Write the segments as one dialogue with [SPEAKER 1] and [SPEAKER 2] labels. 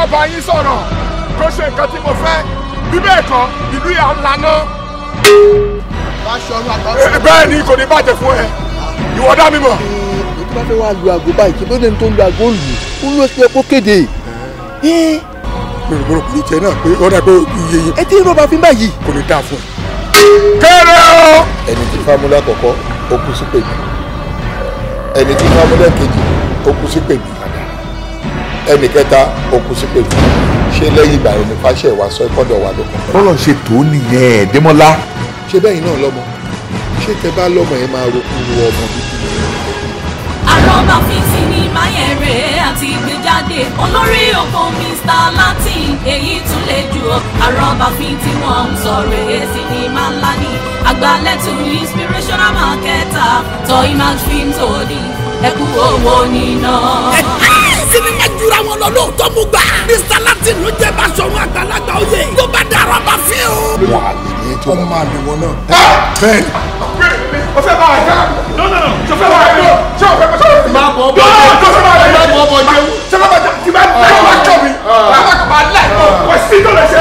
[SPEAKER 1] wá bá yín sọ̀rọ̀ kó ṣe nǹkan tí mo fẹ́ bí bẹ́ẹ̀ kọ́ ìlú yà ń laná. Eh, eh, bẹ́ẹ̀ ni kò ní bàjẹ́ fún ẹ ìwọ dá mi mọ̀. èyí tó bá fẹ́ wá lu àgọ́ báyìí kí
[SPEAKER 2] lóde tó ń lu àgọ́ lù ú ló ṣe kó kéde. gbòrògbòrò kò ní jẹ náà pé ọ̀dà pé iye yẹn. ẹ tí irun bá fi ń báyìí. kò ní dáa fún ẹ. kéré o. ẹni tí fámúlà kọ̀kọ́ ó kú sí pèmí ẹni tí fámúlà kejì ó kú sí pèmí ẹnì kẹta òkú sípè fún ṣé lẹ́yìn ìgbà yẹn ni fáṣẹ̀ wá sọ ìkọ́dọ̀ wa lọ́kàn.
[SPEAKER 1] bọ́lọ̀ ṣe tó nìyẹn Dẹ́mọ́lá.
[SPEAKER 2] ṣé bẹ́yìn náà lọ́mọ ṣé tẹ bá lọ́mọ yẹn máa ro kúrú ọmọ bíbí.
[SPEAKER 3] àrọ́bà fi sinimá yẹn rèé àti ìgbéjáde olórí òkun Mr Latin èyí tún lè ju àrọ́bà fi tí wọ́n ń sọ rèé sinimá ńlá ni àgbálẹ̀tù inspirational marketer toy max films holding ẹ̀kú owó níná.
[SPEAKER 1] sinimá jura wọn lọ lóòótọ́ mú gbà. mr latin ló jẹ́ Basọ̀run àgbàlagbà oyè. ló bá dàrọ bá fi o. wà á lè tó wọn lè wọ náà. bẹ́ẹ̀ni. o fẹ́ bá a jẹ́ no no no sọ fẹ́ bá a jẹ́ sọ fẹ́ bá a jẹ́. máa bọ̀ bọ̀ jẹ́ sọ fẹ́ bá a jẹ́ máa bọ̀ bọ̀ ah. jẹ́. sọ fẹ́ bá a jẹ́ ti bá a jẹ́ kò sí tó lè ṣe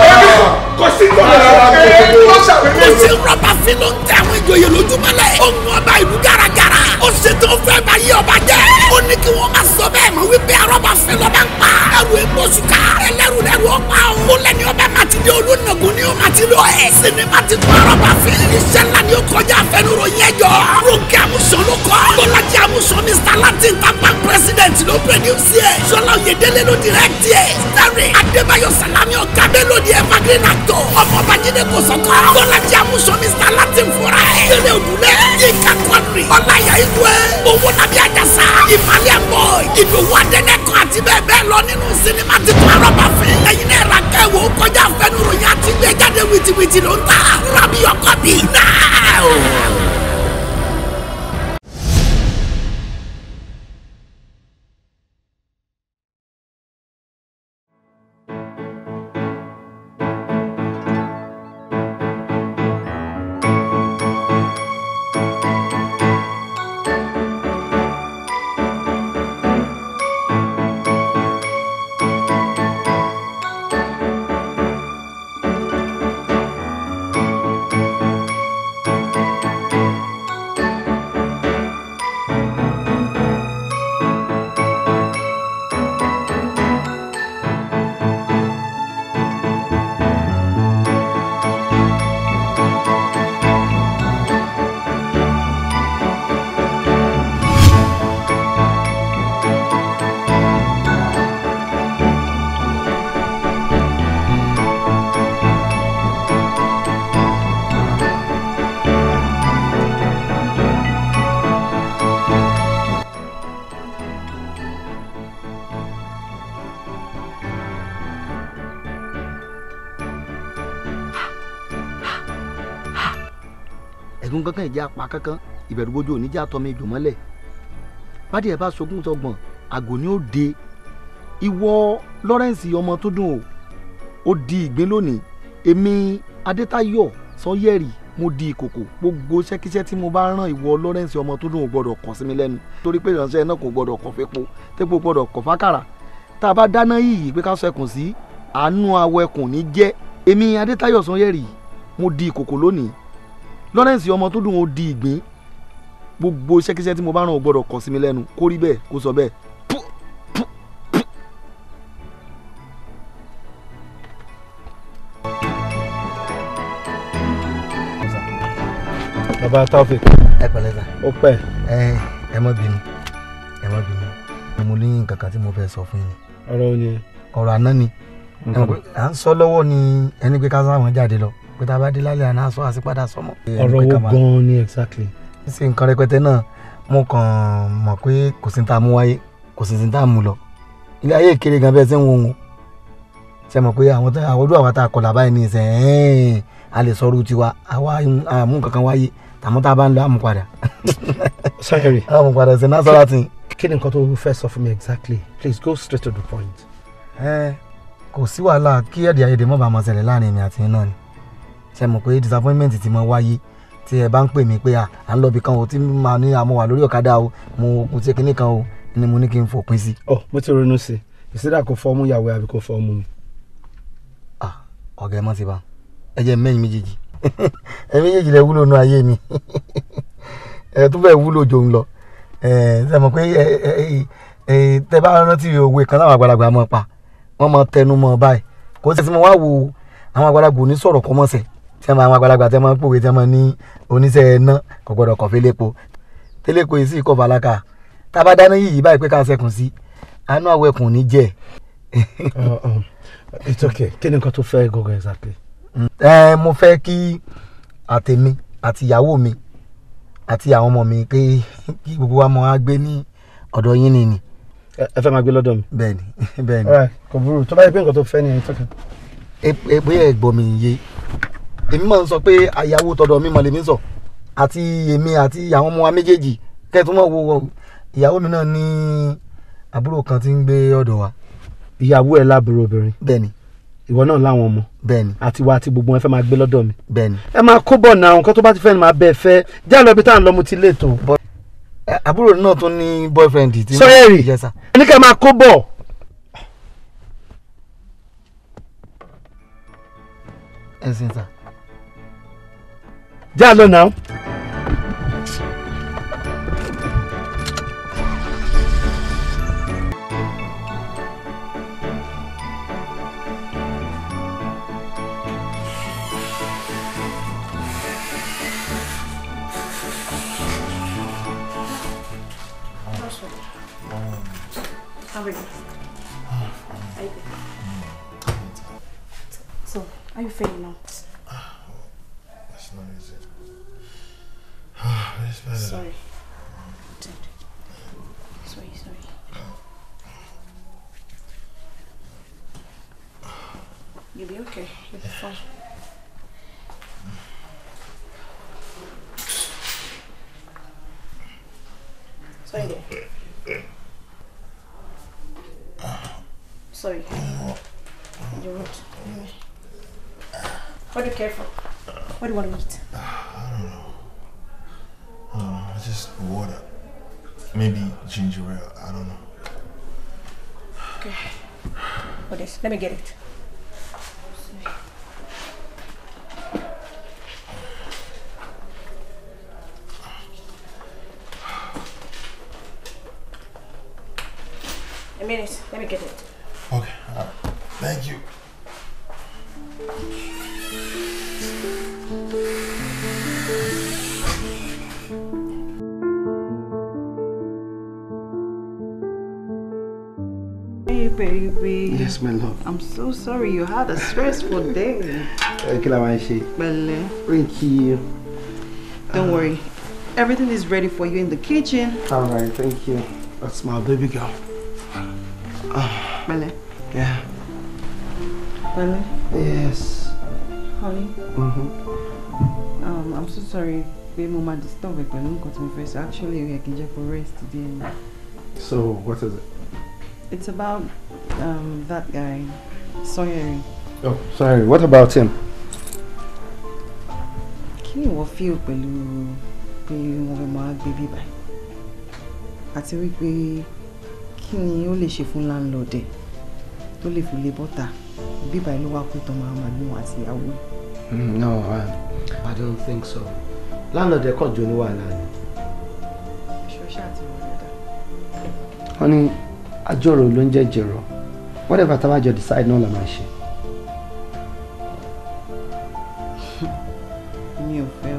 [SPEAKER 1] ń tẹ àwọn ìjòyè lójúmọ́lẹ̀. ó ń wọ ìlú gàràgàrà. ó ṣètò fẹ́ bá yí ọba jẹ́. ó ní kí wọ́n máa sọ bẹ́ẹ̀ mọ́ wípé arọ́bà fílò b yà ń pa. ẹrù epo sùkà ẹlẹ́rù lẹ́rù ọ̀pá o. mo lẹ́ni ọbẹ̀ màtí di olùnàgún ni ó màtí lọ ẹ̀. sinimá ti tún arọ́bà fi. iṣẹ́ ńlá ni ó kọjá àfẹnuro yẹn jọ. ronke amusan ló kọ́. bọ́lájí amusan mr latin pápá president ló pẹ̀lúsì ẹ̀. sọlá oyèdélé ló dirẹ́tì ẹ̀. sáré adébáyọ̀ salami ọ̀gábẹ́ ló di evergreen actor. ọmọọba jíde kò sọ́kọ́. bọ́lájí amusan mr latin fúnra ẹ̀. kéré òdùlẹ̀ yíká kọ́ndrì. ọláyà ikú ẹ̀. owó nàbí àjàsà. ìmàlẹ́ àbọ̀ ìdòwò adẹ́nẹ́k tuntun àti bẹ́ẹ̀ bẹ́ẹ̀ lọ nínú sinimá titun arọ́bà fẹ́. ẹ̀yin náà ra kẹ́wò kọjá fẹ́nu ròyìn àti gbé wìtìwìtì ló ń ta. rabi ọkọ bíi náà.
[SPEAKER 2] kankan ìjà pa kankan ìbẹ̀rù bojo oníjà tọmọ ìjò mọ́lẹ̀ pàdé ẹ̀ bá sogún sọgbọ̀n àgò ni ó de ìwọ Lawrence ọmọ tó dùn o ó di ìgbín lónìí èmi Adétayọ̀ Sanyẹ̀rì mo di ìkòkò gbogbo ṣẹ́kíṣẹ́ tí mo bá rán ìwọ Lawrence ọmọ tó dùn ò gbọ́dọ̀ kàn sí mi lẹ́nu torí pé ìránṣẹ́ náà kò gbọ́dọ̀ kàn fẹ́po tẹ́po gbọ́dọ̀ kàn fákàrà tá a bá dáná yìí pé ká sọ ẹkùn sí àánú awọ ẹkùn ní jẹ́ èmi Adétayọ̀ Sanyẹ̀rì mo di ìkòkò lónìí Lawrence ọmọ tó dùn ó di ìgbín gbogbo iṣẹ́kíṣẹ́ tí mo bá ràn ó gbọ́dọ̀ kọ̀ sí mi lẹ́nu kó rí bẹ́ẹ̀ kó sọ bẹ́ẹ̀. baba Taofik. ẹ pẹ̀lẹ́ sà. ó pẹ́. ẹ ẹ má bínú ẹ má bínú mo ní nǹkan kan tí mo fẹ́ sọ fún yín. ọ̀rọ̀ yẹn. ọ̀rọ̀ àná ni à ń sọ lọ́wọ́ ni ẹni pé ká sáwọn jáde lọ pé bá dé lálẹ́ àná aṣọ àṣepadà sọmọ. ọ̀rọ̀ wo gan ni exactly. ṣé nǹkan rẹpẹtẹ náà mo kàn mọ̀ pé kò sí ní tá a mú wáyé kò sí ní tá a mú lọ ilé ayé ìkéré gan bẹ́ẹ̀ ṣe ń wo òun ṣe mọ̀ pé àwọn ojú àwa tá a kọ̀ làbáyé ní ìsẹ̀ ẹ̀ẹ́n a lè sọ̀rọ̀ tiwa àwa àmú kankan wáyé tàmú tá a bá ń lọ àmú padà. sorry àmú padà ṣe náà sọ́ra kí ni nǹkan tó fẹ́ sọ fún mi exactly please go straight to the point. ẹ kò sí wàhálà kí ẹ̀dì ayédè mọ̀ bá máa ṣẹlẹ̀ láàrin èmi àti yín náà ni ṣe mọ̀ pé disappointment ti máa wáyé tí ẹ bá ń pè mí pé à ń lọ kan o tí màá ní àmọ́ lórí ọ̀kadà o mo mo ṣe kinní kan o ni mo ní kí n fòpin sí. ọ mo ti ronú sí i ìsídà kò fọ́ mú ìyàwó àbí kò fọ́ mú mi. ọ̀gá ẹ mọ̀ ti bá ẹ jẹ́ mẹ́yìn méjèèjì ẹ méjèèjì lẹ wúlò nú ayé mi ẹ tún fẹ́ wúlò jò ń lọ ẹ ṣe mọ̀ pé ẹ ẹ ẹ tẹ bá rántí òwe kan láwọn àgbàlagbà mọ̀ pa wọ́n mọ̀ tẹnu mọ́ báyìí kò sí mo tí wọ́n máa ń tí wọ́n máa pòwe tí wọ́n máa ní oníṣẹ́ iná kò gbọ́dọ̀ kọ̀ félépo télépo yìí sì kọ̀ fàlàkà tábà dáná yìí báyìí pé ká sẹ́kùn sí àánú àwọn ẹkùn ní jẹ́. it's okay kí ni nǹkan tó fẹ́ gọ́gọ́ exactly. ẹ mo fẹ́ kí àtèmi àti ìyàwó mi àti àwọn ọmọ mi pé kí gbogbo wa mọ̀ á gbé ní ọ̀dọ̀ yín ni ẹ fẹ́ máa gbé lọ́dọ̀ mi. bẹ́ẹ̀ni bẹ́ẹ̀ni. kò burú tó bá yẹ pé nǹkan tó fẹ́ ni ẹ tọ́ka. ẹ bóyá ẹ gbọ́ mi yé èmi máa ń sọ pé àyàwó tọ̀dọ̀ mi mọ̀ lèmi sọ àti èmi àti àwọn ọmọ wa méjèèjì kẹ́tù mọ̀ wo ìyàwó mi náà ní àbúrò kan tí ń gbé ọ̀dọ̀ wa. ìyàwó ẹ̀ lábúrò obìnrin. bẹ́ẹ̀ni. ìwọ náà láwọn ọmọ. bẹ́ẹ̀ni. àti wa àti gbogbo wọn fẹ́ máa gbé lọ́dọ̀ mi. bẹ́ẹ̀ni. ẹ máa kó bọ̀ náà nǹkan tó bá ti fẹ́ ni máa bẹ́ẹ̀ fẹ́ já lọ ibi tá à ń lọ mo ti lè tó. àbúrò náà tún ní boyfriend tí. sọ́yẹ́rì ẹni kẹ́ máa kó bọ̀. ẹ ṣe ń Dado não.
[SPEAKER 4] So, are you feeling now? sorry. Sorry, sorry. You'll be okay.
[SPEAKER 1] You'll be fine. Sorry there.
[SPEAKER 4] Sorry. You're rude. What do you care for? What do you want to eat?
[SPEAKER 5] I don't know. Uh, just water. Maybe ginger ale. I don't know.
[SPEAKER 4] Okay. What is? Let me get it. A minute. Let me get it. Okay. All right. Thank you.
[SPEAKER 6] baby. Yes, my love. I'm so sorry you had a stressful day. Thank
[SPEAKER 2] eh, you.
[SPEAKER 6] Don't ah. worry. Everything is ready for you in the kitchen.
[SPEAKER 2] All right, thank you. That's my baby girl.
[SPEAKER 7] Ah, Bele. Yeah.
[SPEAKER 6] Bele? Yes. Honey? Mm-hmm. Um, I'm so sorry. Baby mama disturbed but don't cut me first. Actually, we are going to rest today.
[SPEAKER 1] So, what is it?
[SPEAKER 6] It's about um, that guy, Sawyer.
[SPEAKER 1] Oh, sorry.
[SPEAKER 5] What about him?
[SPEAKER 6] Kí ni ìwọ feel pẹ̀lú pé wọ́n fẹ́ máa gbé bí báyìí? Àti wípé kí ni ó lè ṣe landlord ẹ̀ tó lè fi lè bọ́ta bí báyìí ló wá kú tán máa máa lóun àti ìyàwó ẹ̀?
[SPEAKER 2] Mm, no, I, I don't think so. Landlord ẹ̀ kàn jó ní wàhálà ni.
[SPEAKER 6] Ṣọ́ṣà ti wọlé dá.
[SPEAKER 2] Wọ́n ní àjọrò ló ń jẹ́ whatever tá a decide no la máa ṣe. mi ò fẹ́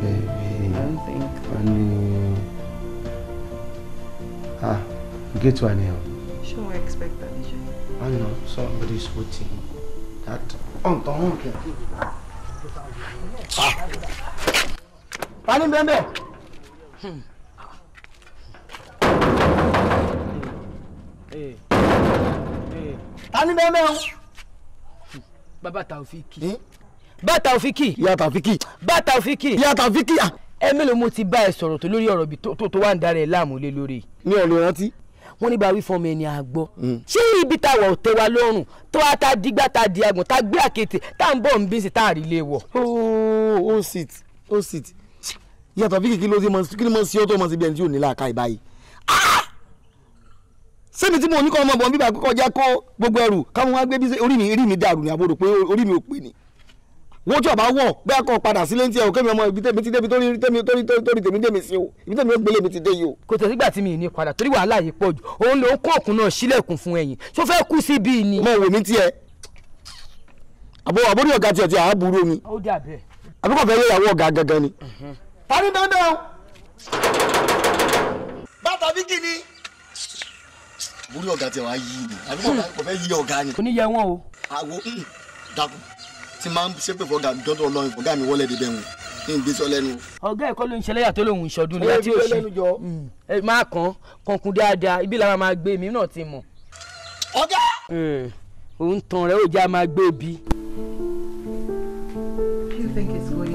[SPEAKER 2] baby i don't think. wọ́n ní ah gate wa ni
[SPEAKER 6] expect that ṣe.
[SPEAKER 2] i know somebody is waiting that ọ̀ntàn hàn kẹ́. Pani bẹ́ẹ̀ bẹ́ẹ̀. Hmm. Hey ta ni bẹ́ẹ̀ mẹ́rin. bàbá Taofiki. Eh? bá Taofiki. ìyá Taofiki. bá Taofiki. ìyá Taofiki. ẹ̀mí ló mo ti bá ẹ sọ̀rọ̀ tó lórí ọ̀rọ̀ bí tó tó wà ń darẹ̀ láàmú lé lórí. mi ò lè rántí. wọ́n ní bá wí fún mi ẹni àgbọ̀. Hmm. ṣé ibi tá a wọ̀ tẹ́ wa lọ́rùn tó a ta dígbà ta di àgùn ta gbé àkété tá à ń bọ̀ ń bí sí tá à rí lé wọ̀. ó sì tì ó sì tì ìyá sẹ́mi tí mo ní kọ́ ọmọ bọ̀ bíbá kọjá kó gbogbo ẹrù káwọn wá gbé bí orí mi orí mi dàrú ni àbúrò pé orí mi ò pè ní. wọ́n tí ọba wọ̀ bẹ́ẹ̀ kọ́ padà sílé ní tiẹ̀ òkè mi ọmọ ibi tèmi ti débi tó rí tèmi tó rí tó rí tèmi débi sí o ibi tèmi ó gbélé mi ti dé yìí o. kò tẹ̀ sígbà tí mi ní padà torí wàhálà yìí pọ̀ jù òun ló ń kó ọ̀kun náà sílẹ̀kùn fún ẹ̀yìn tó fẹ́ kú sí bíi ni. mo wò mí mi àbúkọ̀ bàtà bí kìíní múrí ọ̀gá tiẹ̀ wá yí ni àbí kò fẹ́ yí ọ̀gá ni. oníyẹ wọn o. àwo hmm, dàkú tí máa ń ṣépè fọ́gà dọ́dọ̀ ọlọ́run fọ́gà mi wọlé débẹ̀ wọn ní ìgbésọ lẹ́nu. ọ̀gá ẹ̀kọ́ ló ń ṣẹlẹ̀ yàtọ̀ lòun ìṣọdún ni àti òṣì hmm. ẹ máa kàn kankun dáadáa ibi làwọn máa gbé mi náà ti mọ̀. ọ̀gá. Hmm. òun tàn rẹ ó máa gbé bi.
[SPEAKER 6] you think it's going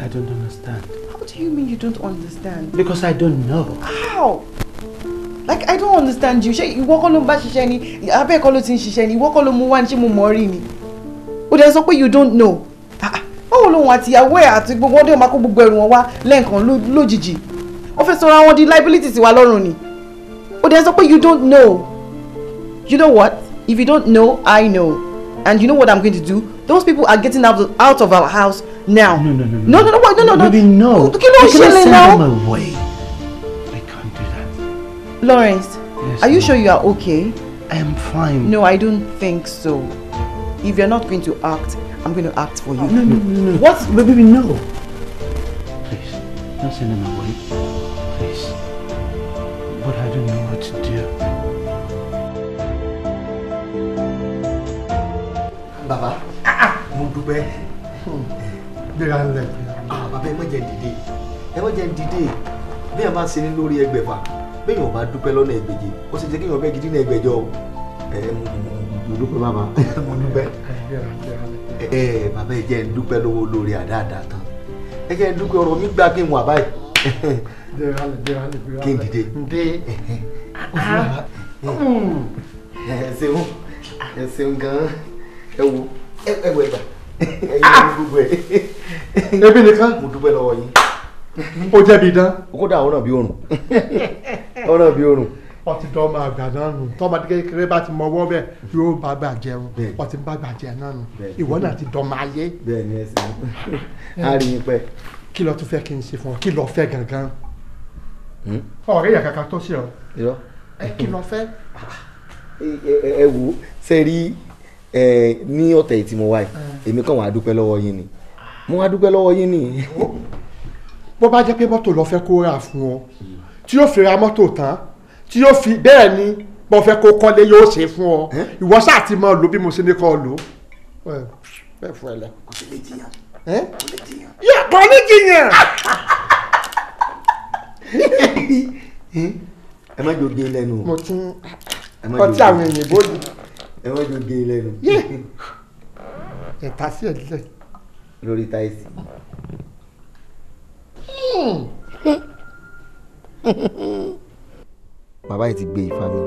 [SPEAKER 2] I don't understand.
[SPEAKER 6] How do you mean you don't understand?
[SPEAKER 2] Because I don't know.
[SPEAKER 6] How? Like, I don't understand you. You walk on ló ń You have ni? Abẹ́ kọ́ ló ti ń ṣiṣẹ́ ni? Ìwọ kọ́ ló mú wá ní ṣé you don't know. Ah, ah. Báwo lòun àti ìyàwó ẹ̀ àti gbogbo ọdẹ máa kó gbogbo ẹrù wọn wá lẹ́ẹ̀kan lójijì? Ó fẹ́ sọra wọn di liability tiwa lọ́rùn ni. O dẹ̀ you don't know. You know what? If you don't know, I know. And you know what I'm going to do? Those people are getting out of, out of our house now. No, no, no, no. No, no, no, no, no.
[SPEAKER 1] no. Ruby, no. Kí ló ń ṣẹlẹ̀ now? Them away. I
[SPEAKER 6] can't do that. Lawrence, yes, are you no. sure you are okay?
[SPEAKER 1] I am fine.
[SPEAKER 6] No, I don't think so. If you're not going to act, I'm going to act for you. No, no, no, no.
[SPEAKER 2] What? Ruby, no.
[SPEAKER 7] Please, don't send them away. Please. But I don't know what to do.
[SPEAKER 2] Baba, ah, ah, mo dúpẹ́. Hmm. gbéra ńlẹ̀. bàbá ẹ má jẹ́ dìde ẹ má jẹ́ dìde bí ẹ bá ṣe ní lórí ẹgbẹ̀fà bẹ́ẹ̀ ò bá dúpẹ́ lọ́nà ẹgbẹ̀je ó sì jẹ́ kí èèyàn bẹ́ẹ̀ gidi ní ẹgbẹ̀jọ ẹ mo dúpẹ́ bàbá mo dúpẹ́ ẹ bàbá ẹ jẹ́ ń dúpẹ́ lọ́wọ́ lórí àdáadáa tán ẹ jẹ́ ń dúpẹ́ ọ̀rọ̀ mi gbà kí n wà báyìí ẹ ṣeun ẹ ṣeun gan-an ẹ wo ẹ wọ ẹgbàá ẹ̀yin gbogbo ẹ̀. ebi nìkan. mo dúpẹ́ lọ́wọ́ yín. ó jẹ́ bi dán. kódà àwọn náà bí òrùn àwọn náà bí òrùn. ọtí tó máa gbà náà nù tọ́mọdé kékeré bá ti mọ ọwọ́ bẹ́ẹ̀ yóò bá gbà jẹun ọtí bá gbà jẹ náà nù ìwọ náà ti dán máa yé. bẹ́ẹ̀ ni ẹ sẹ a rí yín pẹ. kí ló tún fẹ́ kí n ṣe fún ọ kí ló fẹ́ gangan. ọ̀rẹ́ yà kàkà tó ṣe ọ. ẹ kí ló fẹ́. ẹ wò sẹ́rí ẹ ní ọ̀tẹ̀ yìí tí mo wá yìí ah. èmi kàn wá dúpẹ́ lọ́wọ́ yín ni mo wá dúpẹ́ lọ́wọ́ yín ni. bó bá jẹ́ pé mọ́tò lọ fẹ́ kó rà fún ọ tí yóò fi ra mọ́tò tán tí yóò fi bẹ́ẹ̀ ni bó fẹ́ kó kọ́lé yóò ṣe fún ọ ìwọ ṣáà ti máa lò bí mo ṣe ní kọ́ lò bẹ́ẹ̀ fún ẹ lẹ. kò sí lè jiyàn.
[SPEAKER 7] kò ní jiyàn.
[SPEAKER 2] ẹ má jòge lẹ́nu. mo tún ọtí àwọn èèyàn bó di ẹ wọ́n jọ gé ilé nu. yé ẹ̀ka sí ẹ̀ lílẹ̀. lórí táìsì.
[SPEAKER 7] Hmm.
[SPEAKER 2] bàbá yìí ti gbé ifá mi.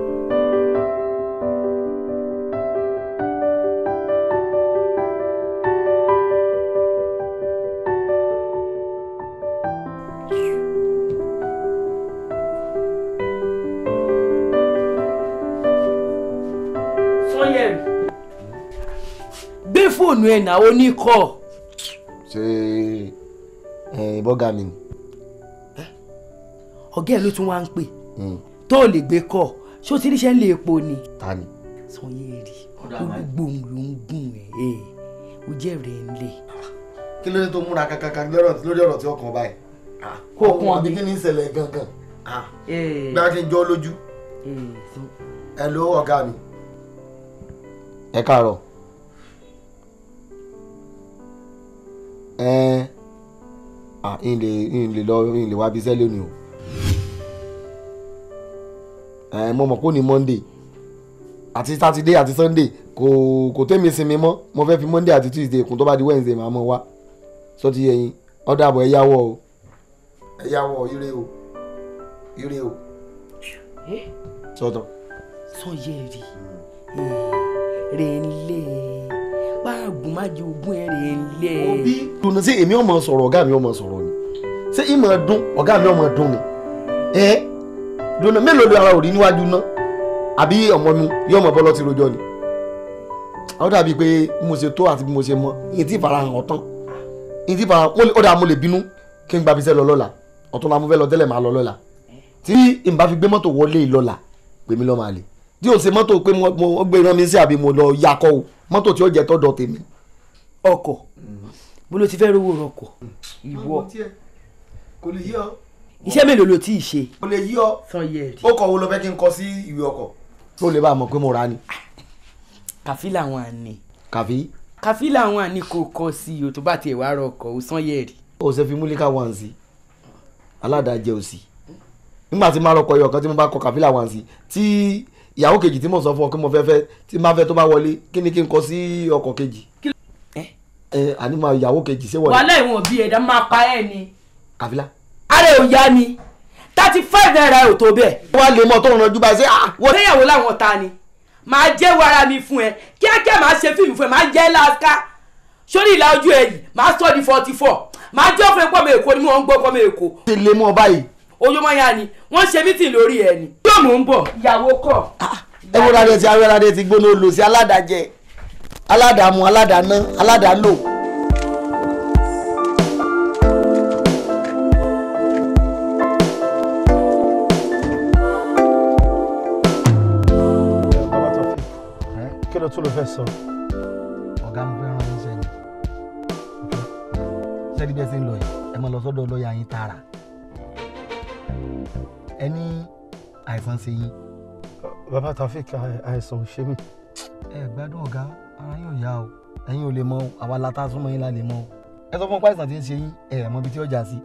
[SPEAKER 2] fóònù ẹ̀ náà oníkọ̀.
[SPEAKER 1] ṣé
[SPEAKER 2] bọ́gà mi ni. ọ̀gá ẹ̀ ló tún wá ń pè hmm. tó lè gbé kọ̀ ṣó ti ríṣẹ́ lè epo ni. ta ni. Sanyeri olùgbòhùn ló ń gùn ẹ̀ ó jẹ́ rẹ̀ ń lẹ̀. kí ló dé tó múra kankan lórí ọ̀rọ̀ tí ọkàn báyìí. Ah, kó kún ọ bí kí ni ìṣẹ̀lẹ̀ gangan
[SPEAKER 4] gbá
[SPEAKER 2] kí n jọ lójú. ẹ ló ọ̀gá mi. ẹ káàárọ̀. ẹn ah n lè n lè lọ n lè wá bí iṣẹ́ lónìí o ẹ mo mọ̀ kó ní Monday àti Saturday àti Sunday kò kò tẹ́mi sinmi mọ́ mo fẹ́ fi Monday àti Tuesday kún tó bá di Wednesday màá mọ̀ wá sọ́tí ẹ̀yin ọ̀dà àbọ̀ ẹ̀yáwọ̀ o ẹ̀yáwọ̀ ire o ire o sọ̀tàn. Eh? sọ yẹ hmm. rí ń lé e
[SPEAKER 3] káàgùn má jẹ ogún ẹ̀rẹ̀ lẹ̀. òbí
[SPEAKER 2] tòun ṣe èmi ọmọ sọ̀rọ̀ ọ̀gá mi ọmọ sọ̀rọ̀ ni ṣé ìmọ̀ dún ọ̀gá mi ọmọ dún ni ẹ dùnà mélòó ló ara ò rí níwájú ná àbí ọmọ mi yóò mọ bọ́lọ́ ti rojọ́ ni àwọn dàbí pé mo ṣe tó àti bí mo ṣe mọ ìyẹn tí ìfarahàn ọ̀tán ìyẹn tí ìfarahàn ó dà mo lè bínú kí n gba abisẹ́ lọ lọ́la ọ̀tún la mo fẹ́ lọ tẹ́lẹ̀ máa lọ lọ́la tí n bá fi gbé mọ́tò wọlé lọ́la pèmí lọ́ máa lè tí o ṣe mọ́tò pé mo gbé iran mi sí àbí mo lọ yakọ́ o mọ́tò tí ó jẹ́ tọ́dọ̀ tèmi. ọkọ̀ mo ló ti fẹ́ rówó rọkọ̀ ìwọ kò lè yí ọ. iṣẹ́ mélòó ló tí ì ṣe. kò lè yí ọ ó kọ̀ wo lọ fẹ́ kí n kọ sí ìwé ọkọ̀. tó lè bá a mọ̀ pé mo ra ni. kàfí làwọn àní. kàfí. kàfí làwọn àní kò kọ sí o tó bá tiẹ̀ wá rọkọ̀ o sàn yẹ̀rì. o ṣe fi múlíkà wá sí i aládàájẹ òsì nígbà tí máa rọkọ̀ yọ̀ọ̀kan tí mo bá kọ kàfí làwọn àǹsì tí ìyàwó kejì tí mò ń sọ fún ọ kí mo fẹ́ fẹ́ tí má fẹ́ tó bá wọlé kí ni kí n kọ sí ọkọ kejì. ẹ àní máa ìyàwó kejì ṣé wọlé. wàhálà ìwọ̀n bíi ẹ̀dá máa pa ẹ̀ ni. àfilà. ara ò yá ni thirty five naira ò tó bẹ́ẹ̀. wọ́n á lè mọ tó ń ranjú báyìí ṣe. Ah, wọ́n làwọn ta ni màá jẹ́wọ́ ara mi fún ẹ kíákíá màá ṣe fíìmù fún ẹ màá jẹ́ láska sórí ìlà ojú ẹ yìí màá sọ di forty four màá jẹ́ fún ẹ pọ́ mi èkó ni mo ń gbọ́ pọ́ mi ti lè mọ báyìí oyomaya ni wọ́n ṣe mítìn lórí ẹ̀ ni. yóò mú un bọ̀. ìyàwó kọ. Ah, ah. ẹ wo ládé tí awẹ́ládé ti gbóná lò aládàjẹ
[SPEAKER 3] aládàmú aládàná aládàlò.
[SPEAKER 2] kí ló tún lọ fẹ́ sọ. ọ̀gá mi fẹ́ràn yín sẹ́yìn sẹ́ni bẹ́ẹ̀ ti ń lọ yìí ẹ máa lọ sọ́dọ̀ lọ́ọ̀yà yín tààrà ẹ ní àìsàn ṣe yín. bàbá Taofik àìsàn ò ṣe mí. ẹ gbádùn ọ̀gá ara yóò yá o ẹ̀yin ò lè mọ àwa lata súnmọ́ yín la lè mọ o ẹ sọ fún ọpá àìsàn tí ń ṣe yín ẹ ẹ̀ mọ ibi tí ọjà sí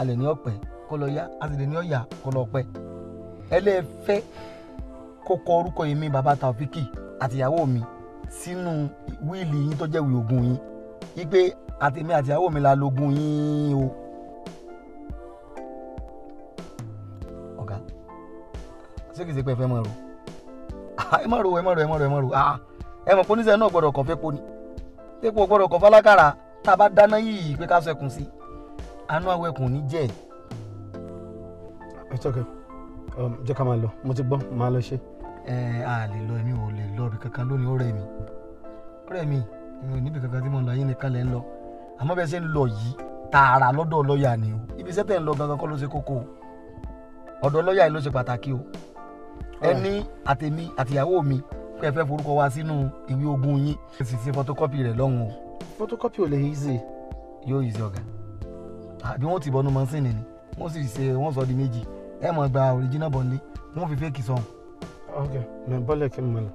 [SPEAKER 2] a lè ní ọ̀pẹ kó lọ yá a sì lè ní ọ̀yà kó lọ pẹ́ ẹ lè fẹ́ kó kọ orúkọ yìí mi bàbá Taofik àtìyàwó mi sínú wíìlì yín tó jẹ́ wí ogún yín yí pé àtèmi àtìyàwó mi la lógún yín o. ọ̀gá ṣé kìí ṣe pé ẹ fẹ́ mọ̀ ro ah, ah, ẹ mọ̀ ro ẹ mọ̀ ro ẹ mọ̀ ro ẹ mọ̀ ro ẹ mọ̀ poníṣẹ́ náà gbọ́dọ̀ kàn fẹ́ poni epo gbọ́dọ̀ kàn fálákàrà tá a bá dáná yìí pé ká sọ ẹkùn sí anú àwọn ẹkùn ní jẹ́ It's okay um, jẹ́ ká máa lọ mo ti gbọ́ máa lọ ṣe. ẹ a lè lọ èmi ò lè lọ ibì kankan lónìí ó rẹ̀ mí ó rẹ̀ mí èmi ò níbi kankan tí mo lọ yín nìkan ń lọ àmọ́ bẹ́ẹ̀ ṣe ń lọ yìí tààrà lọ́dọ̀ lọ́ọ̀yà ni o ibi iṣẹ́ ń lọ gangan kọ́ ló ṣe kókó o ọ̀dọ̀ lọ́ọ̀yà yìí ló ṣe pàtàkì o ẹni àtèmi àtìyàwó mi pé ẹ fẹ́ forúkọ wa sínú ìwé ogún yín ẹ sì ṣe photocopy rẹ̀ lọ́hùn o. photocopy ò lè easy. yóò easy ọ̀gá àbí wọ́n ti bọ́nu mọ́sìnì ni wọ́n sì ṣe wọ́n sọ di méjì ẹ mọ̀ gba original bọ̀ǹlé wọ́n fi fake sọ̀hún. ok mẹ bọ́lẹ̀ kí n mọ̀ lọ.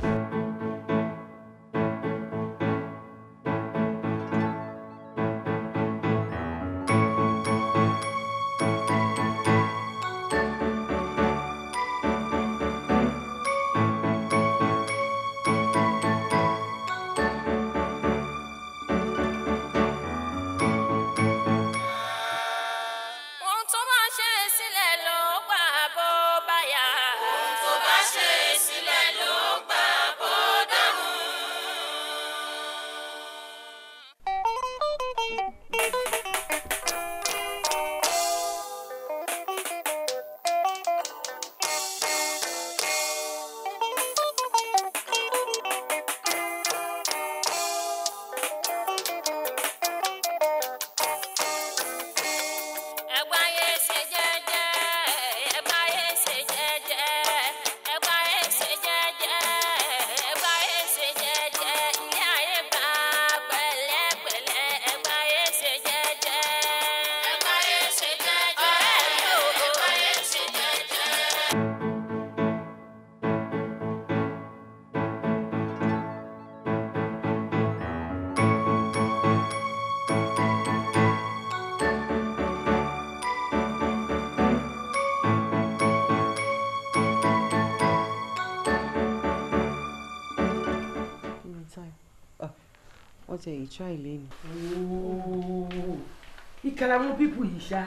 [SPEAKER 2] ìkàràmù pípù yìí ṣá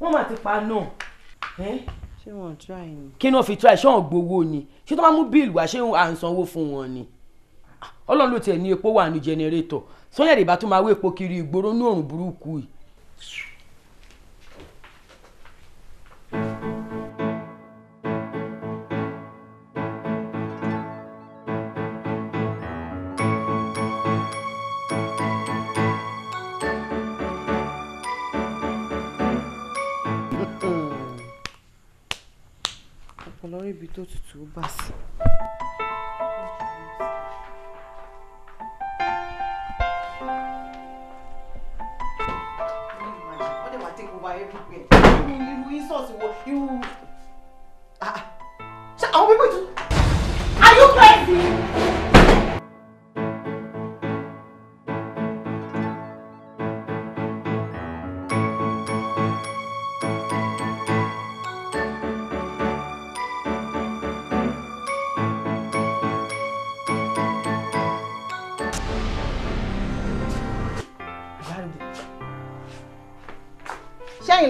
[SPEAKER 2] wọ́n máa ti pa náà. ṣé wọ́n try ni. kí náà fi try ṣé wọ́n gbowó ni ṣé tó máa mú bíìlì wá ṣé à ń sanwó fún wọn ni. Ah, ọlọ́run ló tiẹ̀ ní epo wà ní jẹnẹrétọ̀ sọ́yà ìdìbà tó máa wé epo kiri ìgboro ní òrùn burúkú yìí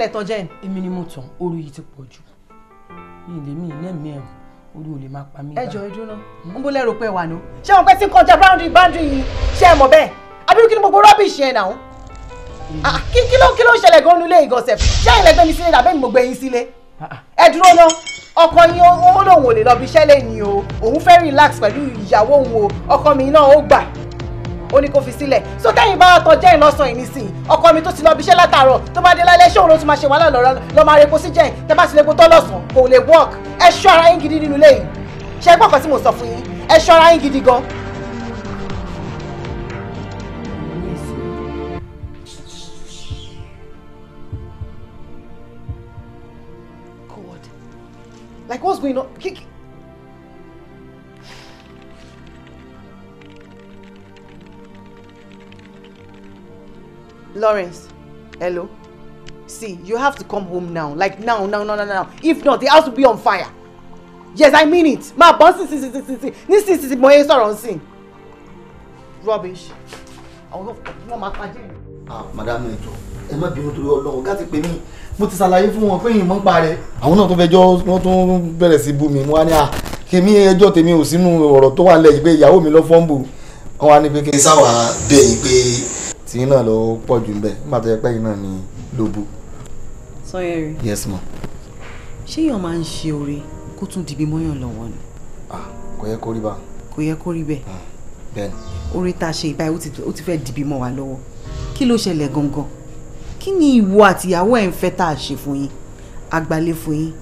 [SPEAKER 6] lẹ̀ tán jẹ́. èmi ni mo tàn orí yìí ti pọ̀ jù mi ì lè mi ì lẹ́mí ẹ̀rù orí ò lè máa pa mí. ẹ jọ ìdúná ń bó lẹ́rù pé wà ní. ṣé wọn pẹ́ tí ń kọjá boundary boundary yìí ṣé ẹ mọ̀ bẹ́ẹ̀ abirú kí ni gbogbo rubbish yẹn náà ah, kí kí ló kí ló ṣẹlẹ̀ gan-an nílé ìgọ̀sẹ̀ ṣé ẹ̀yin lẹ́gbẹ́ mi sílé dàbẹ́ mi mo gbé yín sílé ah, ah. ẹ dúró náà ọkọ yín ó lóun ò lè lọ bí iṣẹ́ lẹ́yìn o òun fẹ́ relax pẹ̀lú ìyàwó òun o ọkọ mi náà ó gbà ó ní kó fi sílẹ̀ so tẹ́yìn bá wa tọ́ jẹ́ ìlọ́sàn yìí ọkọ mi tó ti lọ ibiṣẹ́ látàárọ̀ tó bá dé lálẹ́ ṣé òun ló tún máa ṣe wàhálà lọ́ra lọ́ máa repo sí jẹ́yìn tẹ́ bá ti lè po tọ́ kò lè work ẹ ṣọ́ ara yín gidi
[SPEAKER 2] nínú ilé ṣe gbọ́ kan tí mo sọ fún yín ẹ ṣọ́ ara yín gidi gan.
[SPEAKER 6] God like what's going on? Lawrence, hello. See, you have to come home now. Like now, now, now, now, now. If not, the house will be on fire. Yes, I mean it. My boss, sí see, see, see, see, sí ní sí sí sí mo Rubbish. Àwọn ọmọ máa pa jẹ́
[SPEAKER 2] Ah, madam ẹ jọ̀ọ́, má bínú torí Ọlọ́run ká ti pè mí. Mo ti ṣàlàyé fún wọn pé ìyìnbọn ń parẹ́. Àwọn náà tó fẹ́ jọ wọ́n tún bẹ̀rẹ̀ sí bú mi. wá ní à kèmí ẹjọ́ tèmi ò sínú ọ̀rọ̀ tó wà lẹ́yìn pé ìyàwó mi lọ fọ́ǹbù. Wọ́n wá ní pé kí n sáwà bẹ́yìn pé tí iná ló pọ̀ jù ń nígbà tó yẹ pé iná ni ló bu. yes ma.
[SPEAKER 6] ṣé èèyàn máa ń ṣe oore kó tún dibi mọ́yàn lọ́wọ́ ni.
[SPEAKER 2] ah kò yẹ kó rí bá.
[SPEAKER 6] kò yẹ kó rí bẹ́ẹ̀. Hmm, bẹ́ẹ̀ni. oore tá a ṣe ìbáyìí ó ti fẹ́ dibi mọ́ wa lọ́wọ́ kí ló ṣẹlẹ̀ gangan kí ni ìwọ àtìyàwó ẹ̀ ń fẹ́ tá a ṣe fún yín àgbálẹ̀ fún yín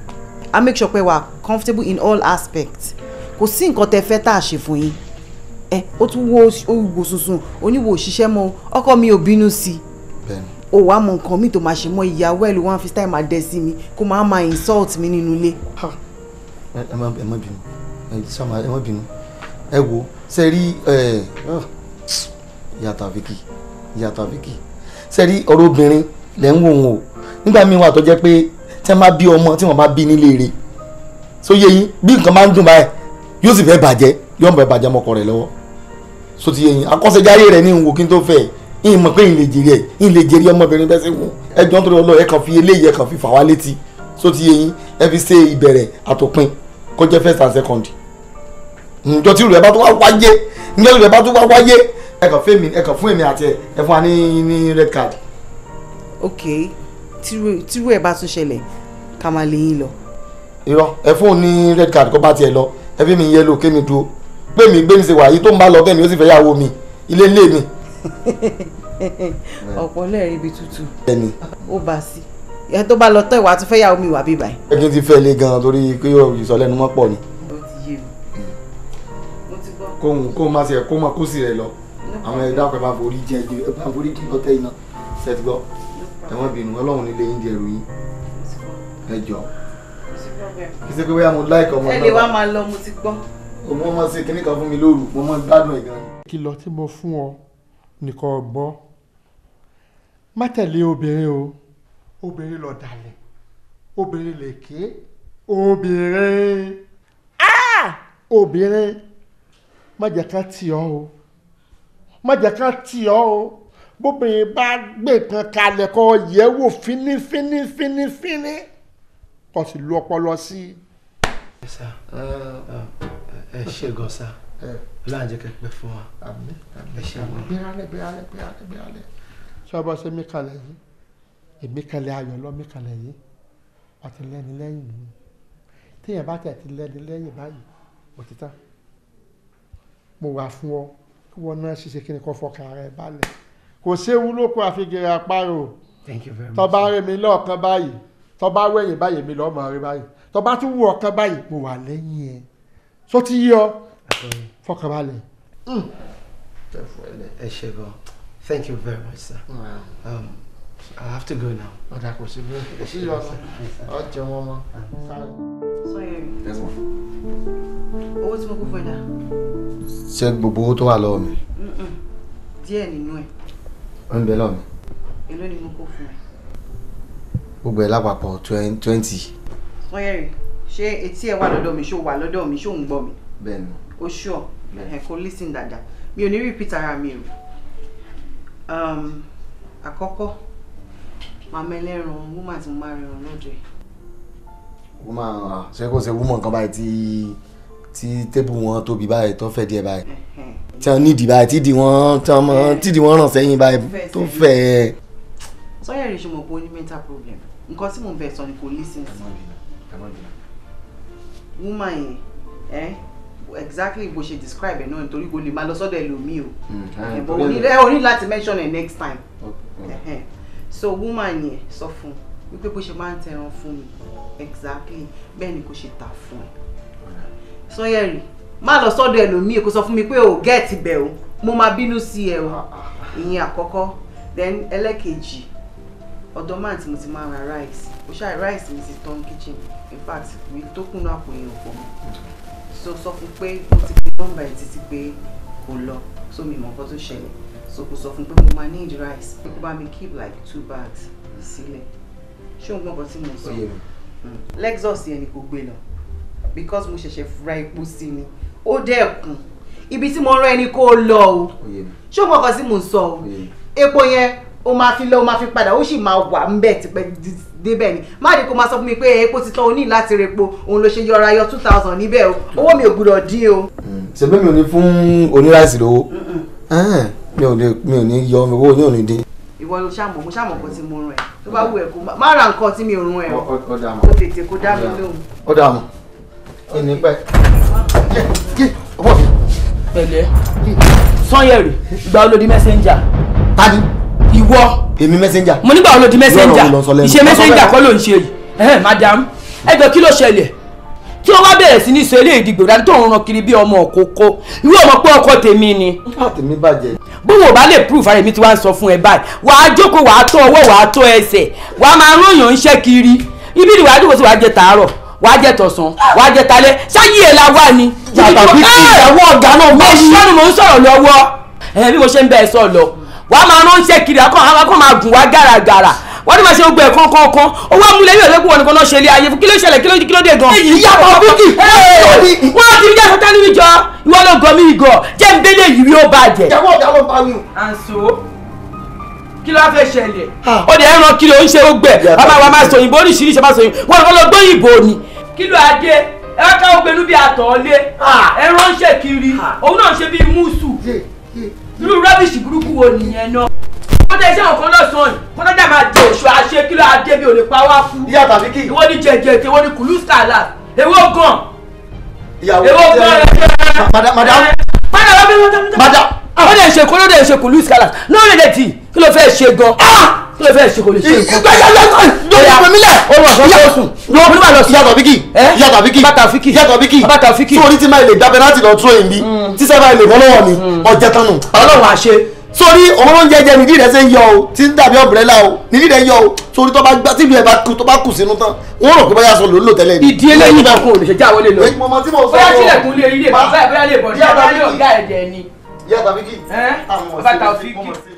[SPEAKER 6] i make sure pé we are comfortable in all aspects kò sí nǹkan tẹ́ fẹ́ tá a ṣe fún yín ẹ eh, ó tún wo ìwò sùnsùn oníwò òṣìṣẹ́ mọ́ ọkọ mi ò bínú sí i o wàá mọ nǹkan mi tó máa ṣe mọ ìyàwó ẹ ló wá fi style máa dẹ sí mi kó máa máa insult mi nínú ilé.
[SPEAKER 2] ẹ má bínú ẹ má bínú ẹ wo ṣe rí ah, yàtọ̀ àfikì yàtọ̀ àfikì ṣe rí ọ̀rọ̀ obìnrin lẹ́ ń wò wọn o nígbà míì wà tó jẹ́ pé tí wọ́n bá bí ọmọ tí wọ́n bá bí nílé rẹ̀ sóyè yín bí nǹkan máa ń dùn báyìí yóò sì fẹ́ bàjẹ́ yóò fẹ́ bàjẹ́ ọmọkọ rẹ̀ lọ́wọ́ so ti yẹyin akọ́sẹ̀jáyé rẹ̀ ní ìwò kí n tó fẹ́ ẹ̀ ìmọ̀ pé ìlè jèrè ẹ̀ ìlè jèrè ọmọbìnrin bẹ́sẹ̀ wù ẹjọ́ nítorí ọlọ́ọ̀ ẹ̀ kàn fi eléyìí ẹ̀ kàn fi fà wá létí so ti yẹyin ẹ fi ṣe ìbẹ̀rẹ̀ àtòpin kó jẹ́ first and second ǹjọ́ tí ìrùlẹ̀ bá tó wá wáyé ǹjọ́ ìrùlẹ̀ bá tó wá wáyé ẹ kàn fún èmi ẹ kàn fún èmi àti ẹ fún wa ní ní red card. ok tírú ẹ bá tún ṣẹlẹ̀ ká máa lè yín lọ. irọ́ ẹ fún òun ní red card kó bá tiẹ̀ lọ ẹ fi mi yellow kémi dúró pé mi gbé mi ṣe wàyí tó ń bá lọ bẹ́ẹ̀ mi ó sì fẹ́ yàwó mi ilé ilé mi.
[SPEAKER 6] ọ̀pọ̀ lẹ́rìí ibi tútù ó bá sí ẹ tó bá lọ tán ìwà tó fẹ́ yàwó mi wà bí báyìí.
[SPEAKER 2] ẹ kí n ti fẹ́ lé gan-an torí pé ìsọ̀lẹ́nu mọ́ pọ̀ ni. kóhun kóhun má ṣe kó má kó sì rẹ lọ àwọn ẹ̀dá ọ̀pẹ bá forí jẹ ju bá forí jẹ lọ́tẹ̀ iná ṣẹ́tí gbọ́ ẹ̀wọ̀n bínú ọlọ́run nílé oúnjẹ ìròyìn ẹ jọ kí ṣe pé bóyá mo láìka ọmọ náà. ẹ lè wá máa lọ mo ti gbọ́ mo mọ ṣe kinní kan fún mi lóru mo mọ gbádùn ẹ̀ gan. kìlọ̀ tí mo fún ọ nìkan gbọ́ má tẹ̀lé obìnrin o obìnrin lọ dalẹ̀ obìnrin lè ké obìnrin ah! obìnrin má jẹ́ ká tì ọ́ o má jẹ́ ká tì ọ́ o bóbìnrin bá gbé kan yewo kó yẹ̀ wò fínífínífínífíní kó sì lu ọpọlọ si é é ṣe gan sa láàjẹ kẹpẹ fún wa ẹ ṣe gan. gbéralẹ gbéralẹ gbéralẹ gbéralẹ sọba me cala aí yìí èmi kalẹ̀ ayọ̀ lọ mí kalẹ̀ yìí àti lẹ́ni lẹ́yìn mi tem bá tẹ̀ ti lẹ́ni lẹ́yìn báyìí òtítà mo wà fún ọ kí wọn náà ṣiṣẹ́ kí ni kò fọkàn ara ẹ balẹ̀ kò séwu lóko àfigèrè àparò tọba rẹ mi lọ́ọ̀kan báyìí tọba wẹ̀yìn báyìí mi lọ́ọ́ mọ̀ rí báyìí tó bá tún wù ọkàn báyìí mo wà lẹ́yìn ẹ̀ só ti yí ọ hmm. ẹ thank you very much sir. Um, I have to go now. ọ̀dà kò sí bẹ́ẹ̀ sí lọ ọjọ́ wọn mọ́. sọyẹri
[SPEAKER 6] owó tí mo kó fẹ́ dà.
[SPEAKER 2] ṣé gbogbo owó tó wà lọ́wọ́ mi.
[SPEAKER 6] díẹ̀ nínú ẹ̀. ó ń bẹ lọ́wọ́ mi. èló ni mo kó fún ẹ.
[SPEAKER 2] gbogbo ẹ̀ lápapọ̀ twenty
[SPEAKER 6] ọyẹrì ṣé etí ẹ wà lọ́dọ̀ mi ṣó wà lọ́dọ̀ mi ṣó ń gbọ́ mi. bẹ́ẹ̀ni. o ṣọ ẹ kò lísìn dáadáa mi ò ní repeat ara mi o. Um, àkọ́kọ́ màmá ẹlẹ́ran wúmà tí mo máa rẹ̀ ràn lọ́dọ̀ ẹ̀.
[SPEAKER 2] wúmà ṣé kò ṣe wúmọ̀ nǹkan báyìí tí tí tébù wọn tóbi báyìí tó fẹ̀ díẹ̀ báyìí tí wọn nídìí báyìí tídìí wọn tí wọn tídìí wọn ràn sẹ́yìn báyìí tó fẹ̀.
[SPEAKER 6] sọ́yẹ̀rì ṣe mọ̀ pé ó ní mental problem nǹkan tí mò ń bẹ̀ sọ ni kò lísìn sí i woman yẹn ẹ exactly bó ṣe describe ẹ náà nítorí kò lè máa lọ sọ́dọ̀ ẹlòmíì o hmm, but o ní láti mention ẹ next time so woman yẹn sọ fún wípé bó ṣe máa ń tẹran fún mi exactly bẹ́ẹ̀ ni kò ṣe tà fún ẹ Sanyeri má lọ sọ́dọ̀ ẹlòmíì kó sọ fún mi pé o gẹ́ẹ̀tì bẹ̀ o mo máa bínú sí ẹ o ìyẹn àkọ́kọ́ then ẹlẹ́kejì ọ̀dọ́ máà tí mo ti máa ra rice ó ṣáà rice mi ti tán kitchen mi in fact mi tó kùnà àpò èèyàn pọ̀ so sọ fún pé mo ti pe nọ́mbà ẹ̀ títí pé kò lọ so mi mọ̀ nǹkan tó ṣẹlẹ̀ so kò sọ fún pé mo máa need rice pé kó bá mi keep like two bags sílẹ̀ ṣé o gbọ́ nǹkan tí mo sọ
[SPEAKER 7] hmm.
[SPEAKER 6] Lexus yẹn ni kò gbé lọ because mo ṣẹ̀ṣẹ̀ ra epo sí ni ó dẹ́kun ibi tí mo rán ẹni kó lọ o ṣé o gbọ́ nǹkan tí mo sọ o epo yẹn o máa fi lọ o máa fi padà ó sì máa wà ń bẹ̀ tipẹ́ débẹ̀ ni má dé kó máa sọ fún mi pé epo ti tán o ní láti repo òun ló ṣe yọra yọ two thousand níbẹ̀ o
[SPEAKER 2] owó mi ò gbúdọ̀ dín o. ṣèpé mi ò ní fún oníráìsì lówó eh, mi ò ní yọ owó ní òní dín
[SPEAKER 6] ìwọ ló ṣàmọ̀ mo ṣàmọ̀ nǹkan tí mo rún ẹ tó bá wù ẹ kó
[SPEAKER 2] má ra nǹkan tí mi ò rún ẹ o kó tètè kó dá mi lóhùn. ó dà mọ kí ni pẹ pẹ̀lẹ́ Sanyeri gba olódi mẹsẹńjà. tani wọ. èmi messenger. mo nígbà wo ló di messenger ìṣe messenger kọ́ ló ń ṣe yìí madam ẹ jọ kí ló ṣẹlẹ̀ tí wọ́n wá bẹ̀rẹ̀ sí ní sọ eré ìdìgbò dání tó ń ran kiri bí ọmọ òkókó irú ọmọ pé ọkọ tèmi ni. tèmi bàjẹ́. bóun ò bá lè proof ara èmi tí wàá sọ fún ẹ báyìí wàá jókòó wàá tọ́ ọwọ́ wàá tọ́ ẹsẹ̀ wàá máa ròyàn iṣẹ́ kiri ibi ni wàá dúró sí wàá jẹ tàárọ̀ wàá jẹ tọ̀sán wàá jẹ talẹ́ ṣáyé ẹ̀ la wà ni. yàtọ̀ bí ìyàwó ọ̀gá náà mọ̀ ní. ẹ̀ ṣọ́nù mò ń sọ̀rọ̀ lọ́wọ́ ẹ̀ bí mo ṣe ń bẹ́ẹ̀ sọ̀ wàá máa ránṣẹ́ kiri akọ́ àwọn akọ́ máa gùn wá gàràgàrà wọ́n ní máa ṣe gbogbo ẹ̀kan kọ̀ọ̀kan owó amúlẹ̀ yóò lé gbogbo nìkan náà ṣe lé ayé fún kí ló ṣẹlẹ̀ kí ló kí ló dé gan. ìyàbọ̀ bíkì wọ́n ti jẹ́ sọ́tà níbi jọ ìwọ ló gọ̀ mí ìgọ̀ jẹ́ ń bẹ́lẹ̀ yìí ó bàjẹ́. jẹ́wọ́ ìdáwọ́ bá wí. àǹsó kí ló fẹ́ ṣẹlẹ̀. ó di ẹran kiri ó ń ṣe gbẹ ọmọ àwọn máa sọyìnbó oríṣiríṣi máa sọyìn wọn kọ́ lọ gbóyìnbó ni. kí ló adé ẹ ká ó gbẹnú bí àtọ̀ lé ẹran ń ṣèkiri òun náà ń ṣe bí múùsù irú rọ́bìṣì burúkú wo nìyẹn náà ó dé iṣẹ́ ọ̀kan lọ́sàn-án kó lọ́jà máa jẹ èso àṣẹ kí ló adé mi ò lè pa wá fún. ìyá tàbí kí. ìwọ ni jẹjẹ tí ìwọ ni kùlù sàlà èwo gan. ìyàwó tẹ ẹ madam. padà wá bí wọ́n tẹ́ wọ́n tẹ́. madam. ó dé ìṣèkó ló dé ìṣèkó lùsàlà lórí ìdẹ̀tì kí ló fẹ́ ṣe gan ah! Ah! kí ló fẹ́ ṣe kò lè ṣe nǹkan. ìgbàlódé mi lẹ̀ olùwàsó ló sùn yàtọ̀ bíkì yàtọ̀ bíkì yàtọ̀ bíkì bàtà fíkì tí orí ti máa lè dábẹ́ láti lọ tún èmi hmm. tí sábà lè wọ́n lọ́wọ́ mi ọjà hmm. tán nù. ọlọ́run àṣe sórí òun ló ń jẹjẹ nídìí rẹ ṣe ń yọ o tí ń dàbí ọ̀bùrẹ́là o nídìí rẹ yọ o sórí tó bá gbá tíbi ẹ bá kú tó bá kù sínú tán wọn rò pé bóyá sọ lòún lò tẹ́lẹ̀ ni. ìdí eléyìí bá kún olùṣèjà wọlé lọ. mọ̀mọ́ tí mo sọ ọ́ bóyá tilẹ̀kùn lé ilé bàbá ẹ̀ bóyá lè bọ̀ ní ọ̀gá ẹ̀ jẹ́ ni. yàtọ̀ bí kí. bàtà òfin kí.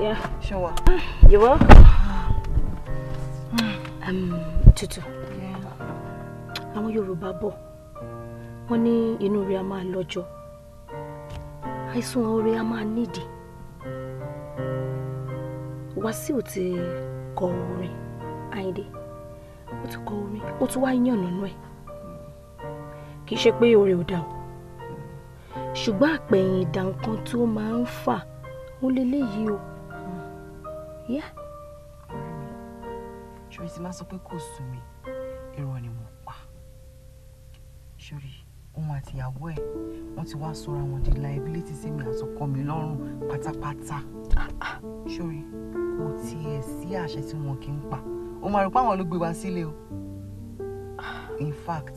[SPEAKER 5] Yeah. Sure. You will?
[SPEAKER 4] Um, Tutu. Yeah. Àwọn Yorùbá bọ̀, wọ́n ní inú rẹ̀ a máa lọ́jọ́. Àìsàn oore a máa nídìí. Wàsíù ti kọ orin Àyìndé. Ó ti kọ orin, ó ti wá yàn nínú ẹ̀. Kì í Ṣùgbọ́n àpẹ̀yìn ìdà nǹkan tó máa ń fà ó lélẹ́yìí o. Yeah. Ṣorí ti máa sọ pé kò sùn mí,
[SPEAKER 6] irọ́ ni mo pa. Ṣorí òun àti ìyàwó ẹ̀ wọ́n ti wá sọra wọn di liability sí mi àtọkọ mi lọ́rùn pátápátá. Ṣorí kò tiẹ̀ sí àṣẹ tí wọn kì í pa. O máa rò pé àwọn ló gbé wa sílé o. In fact,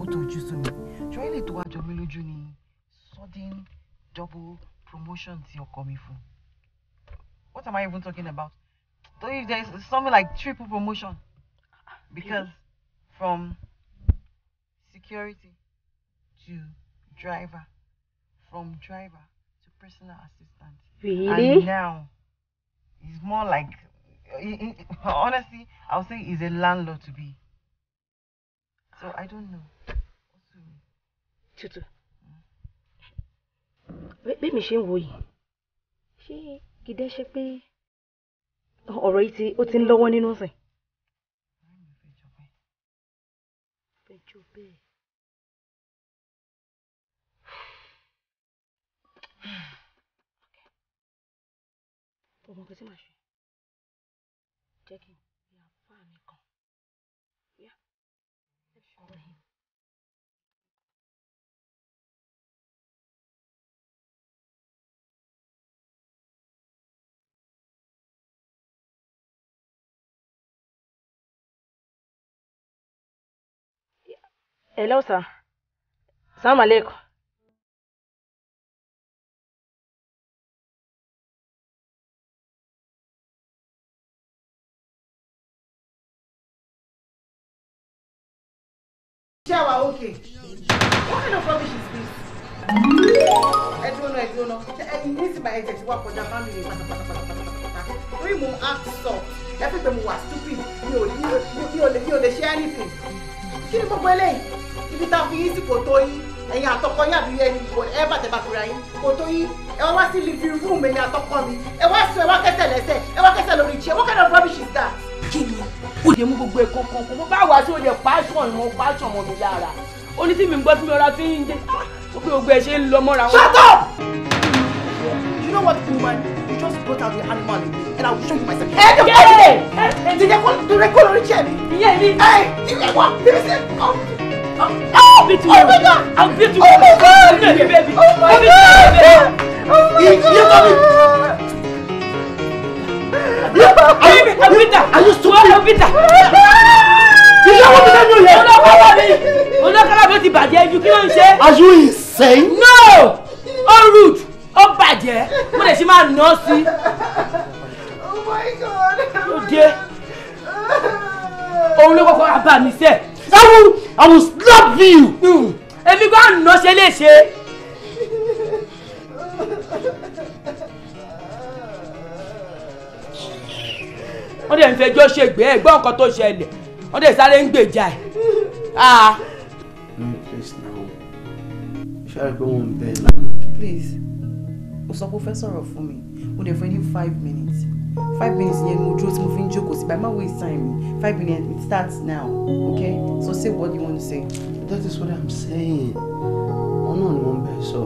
[SPEAKER 6] ó tojú sú mi. Ṣorí lè tó wá jọ mí lójú ni sudden double promotion ti ọkọ mi fún un. What am I even talking about? So if there's something like triple promotion, because from security to driver, from driver to personal assistant, really? and now it's more like, honestly, I would say he's a landlord to be. So I don't know.
[SPEAKER 4] Tutu. Bẹ́ẹ̀ mi ṣe ń kì í dẹ́ ṣe pé ọ̀rọ̀ yìí ti ń lọ́wọ́ nínú sìn. ọmọ kan tí màá ṣe jẹ́ kí n.
[SPEAKER 7] hello sir salaam aleykum. okay. what kind of rubbish is this. ẹdúró náà ẹdúró náà ẹyin ní ìsìnkú
[SPEAKER 6] ẹ̀jẹ̀ ti wá kọjá family pátápátá pátápátá rí mo act sọ ẹ fi pé mo wà stupid mi ò lè ṣe anything kí you gbogbo eléyìí ibi tá a fi yín sí kò tó yín ẹ̀yin àtọkọ yín àbí ẹni ìwọ ẹ bàtẹ bá fi yín kò tó yín ẹ wá sí living
[SPEAKER 2] room ẹ̀yin àtọkọ mi ẹ wá sùn ẹ wá kẹsẹ̀ lẹ́sẹ̀ ẹ wá kẹsẹ̀ lórí ìṣe what kind of rubbish is that. kí ni o lè mú gbogbo ẹ̀kọ́ kan kó mo bá wà sí olè pàṣọ ìmọ̀ pàṣọ ọmọ mi yára ó ní tí mi ń gbọ́ tí mi ọ̀rá fi ń jẹ́ ó pé gbogbo ẹ̀ ṣe ń lọ mọ́ra wọn. shut up
[SPEAKER 7] you
[SPEAKER 6] know what woman you just brought out the animal in me and i will show you myself. ẹ jẹ́ kó
[SPEAKER 2] ẹ
[SPEAKER 1] jẹ́ kó lórí chair mi. ìyá mi. ẹ ìwé wa bíbí sí. Oh beat you. Oh my God! Oh beat you. Oh my God! Baby, baby. Oh my God! Oh my God! Are you stupid? I'll beat her. You don't want me to know yet. Don't worry. Don't worry about the bad. You can't say. Are you insane? No. All rude. Ó bàjẹ́.
[SPEAKER 7] Mo lè ṣe
[SPEAKER 2] máa nà sí.
[SPEAKER 1] Oh my God.
[SPEAKER 7] Oh Ó
[SPEAKER 2] Oh Òun ló kọ́kọ́ abàmì sẹ́ẹ̀. Oh I will slap you. Hmm. Èmi kò nà ṣe léṣe. Wọ́n dẹ̀ ń fẹjọ́ ṣègbè ẹ̀ gbọ́ nǹkan tó ṣẹlẹ̀. Wọ́n dẹ̀ sáré ń gbèjà ẹ̀. Please now. Ṣáà pé wọ́n ń bẹ̀ lánàá. Please, o sọ pé o fẹ́
[SPEAKER 6] sọ̀rọ̀ fún mi. Mo dẹ̀ fún five minutes five minutes yẹn mo dúró tí mo fi ń jókòó sí báyìí má waste time five minutes it starts now okay so say what you want to say. that is what i'm saying
[SPEAKER 2] wọn náà ni wọn bẹ sọ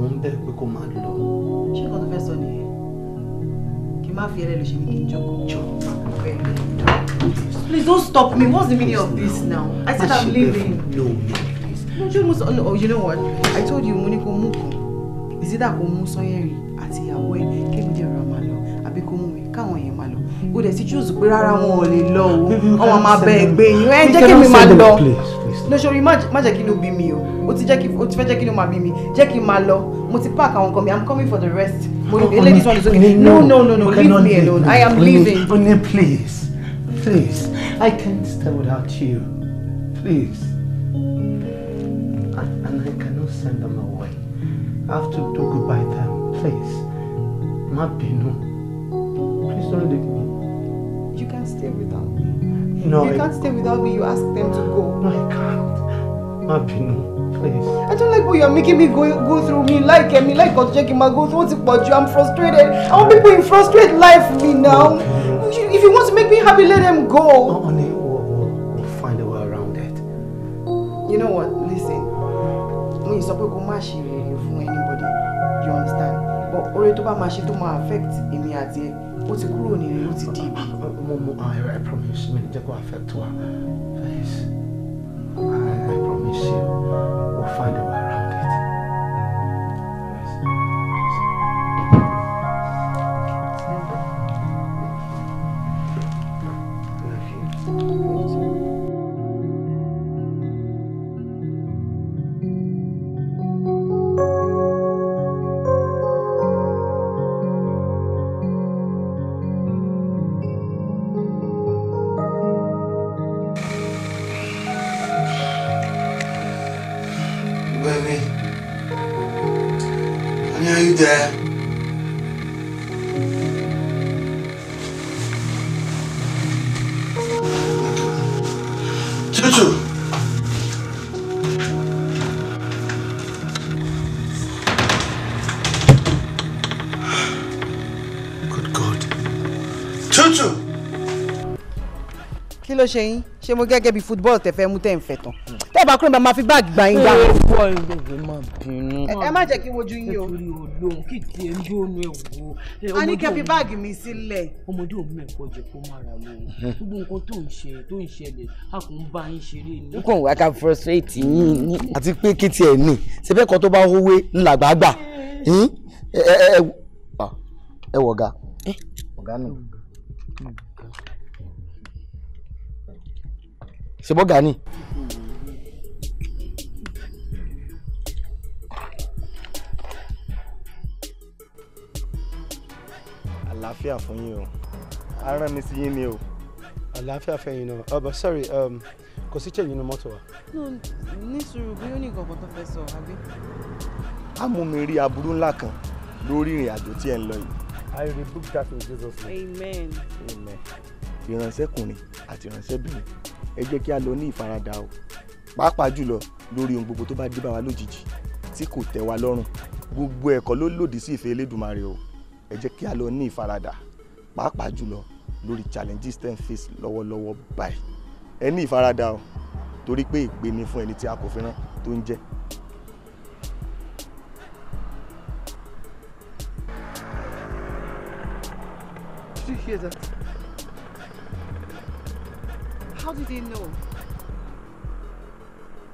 [SPEAKER 2] wọn bẹ pé kó máa lọ.
[SPEAKER 6] ṣé nǹkan tó fẹ́ sọ nìyẹn kí n má fi ẹrẹ́ lè ṣe ní kí n jókòó. please don't stop me what's the meaning of this now i said i'm leaving. no no please. no you must oh you know what i told you mo ní kó mú kan ìsídà kó mú sanyẹrin àti ìyàwó ẹ kí n o dẹ̀ ti choose pé rárá wọn ò lè lọ o ọmọ máa bẹ ẹgbẹ́ yín ẹ jẹ́ kí mi máa lọ lóṣòrí má jẹ́ kí ló bí mi o o ti fẹ́ jẹ́ kí ló máa bí mi jẹ́ kí n máa lọ mo ti pack àwọn nǹkan mi i'm coming for the rest mo ní oh, ladies one is okay no no no no leave me alone i am leaving.
[SPEAKER 7] Oni please please i can't stay without you please and, i cannot send them away i have to do goodbye them
[SPEAKER 2] please Ma bínú please don't leave me. No, you can't
[SPEAKER 6] stay without me. You ask them to go. No, I can't.
[SPEAKER 7] Má no,
[SPEAKER 6] Please. I don't like what you're making me go go through. Me like and me like Kojeki ma go through but you I'm frustrated. I want people in frustrate life me now. Okay. If you want to make me happy, let them go. No,
[SPEAKER 2] honey, we'll, we'll, we'll find a way
[SPEAKER 6] around it. You know what? Listen. When you support go mash you fool anybody, you understand? But already to ma she to ma affect me at the ó ti kúrò ní rere ó ti di ibi. Ah, ah, mo mo ah,
[SPEAKER 7] i i promise mi jẹ́ kó affect wa please i i promise you we'll find a way.
[SPEAKER 6] ló ṣe yín ṣé mo gẹ́gẹ́ bí football tẹ̀ fẹ́ mú tẹ̀ ń fẹ́ tán tẹ́ ẹ bá kúrò máa fi báàgì gbà yín dáhùn. ẹ má jẹ́ kí n wojú yín o.
[SPEAKER 2] nítorí a ní kẹ́ fi báàgì mi sílẹ̀. ọmọdé òun mẹ́kọ̀ jẹ́ kó má ra lóhùn gbogbo nǹkan tó ń ṣe tó ń ṣẹlẹ̀ a kò ń bá yín ṣeré ni. ó kàn wá ká frustrate yín ni. àti pé kí tiẹ̀ ní ṣẹ́fẹ́ kan tó bá hówe ńlàgbàgbà ẹ wọ̀gá ọ̀gá mi. ṣe bọ́gà ni. àlàáfíà fún yín o ara mi sí yín ni o. àlàáfíà fẹ̀yìn náà ọba sorry um, kò sí change nínú mọ́tò wa.
[SPEAKER 6] ní sùúrù bí ó ní nǹkan tó fẹ́ sọ àbí.
[SPEAKER 2] a mú mi rí aburú ńlá kan lórí ìrìn àjò tí ẹ ń lọ yìí. I rebuke that in Jesus'
[SPEAKER 6] name. Amen. Amen.
[SPEAKER 2] Ìránṣẹ́kùnrin àti ìránṣẹ́bìnrin ẹ jẹ́ kí a lọ ní ìfaradà o pàápàá jùlọ lórí ohun gbogbo tó bá dé bá wa lójijì tí kò tẹ́ wa lọ́rùn gbogbo ẹ̀kọ́ ló lòdì sí ìfẹ́ Elédùmarè o ẹ jẹ́ kí a lọ ní ìfaradà pàápàá jùlọ lórí challenges ten face lọ́wọ́lọ́wọ́ báyìí ẹ ní ìfaradà o torí pé ìpè ni fún ẹni tí a kò fẹ́ràn tó ń jẹ́ Did you hear that?
[SPEAKER 6] How did he know? I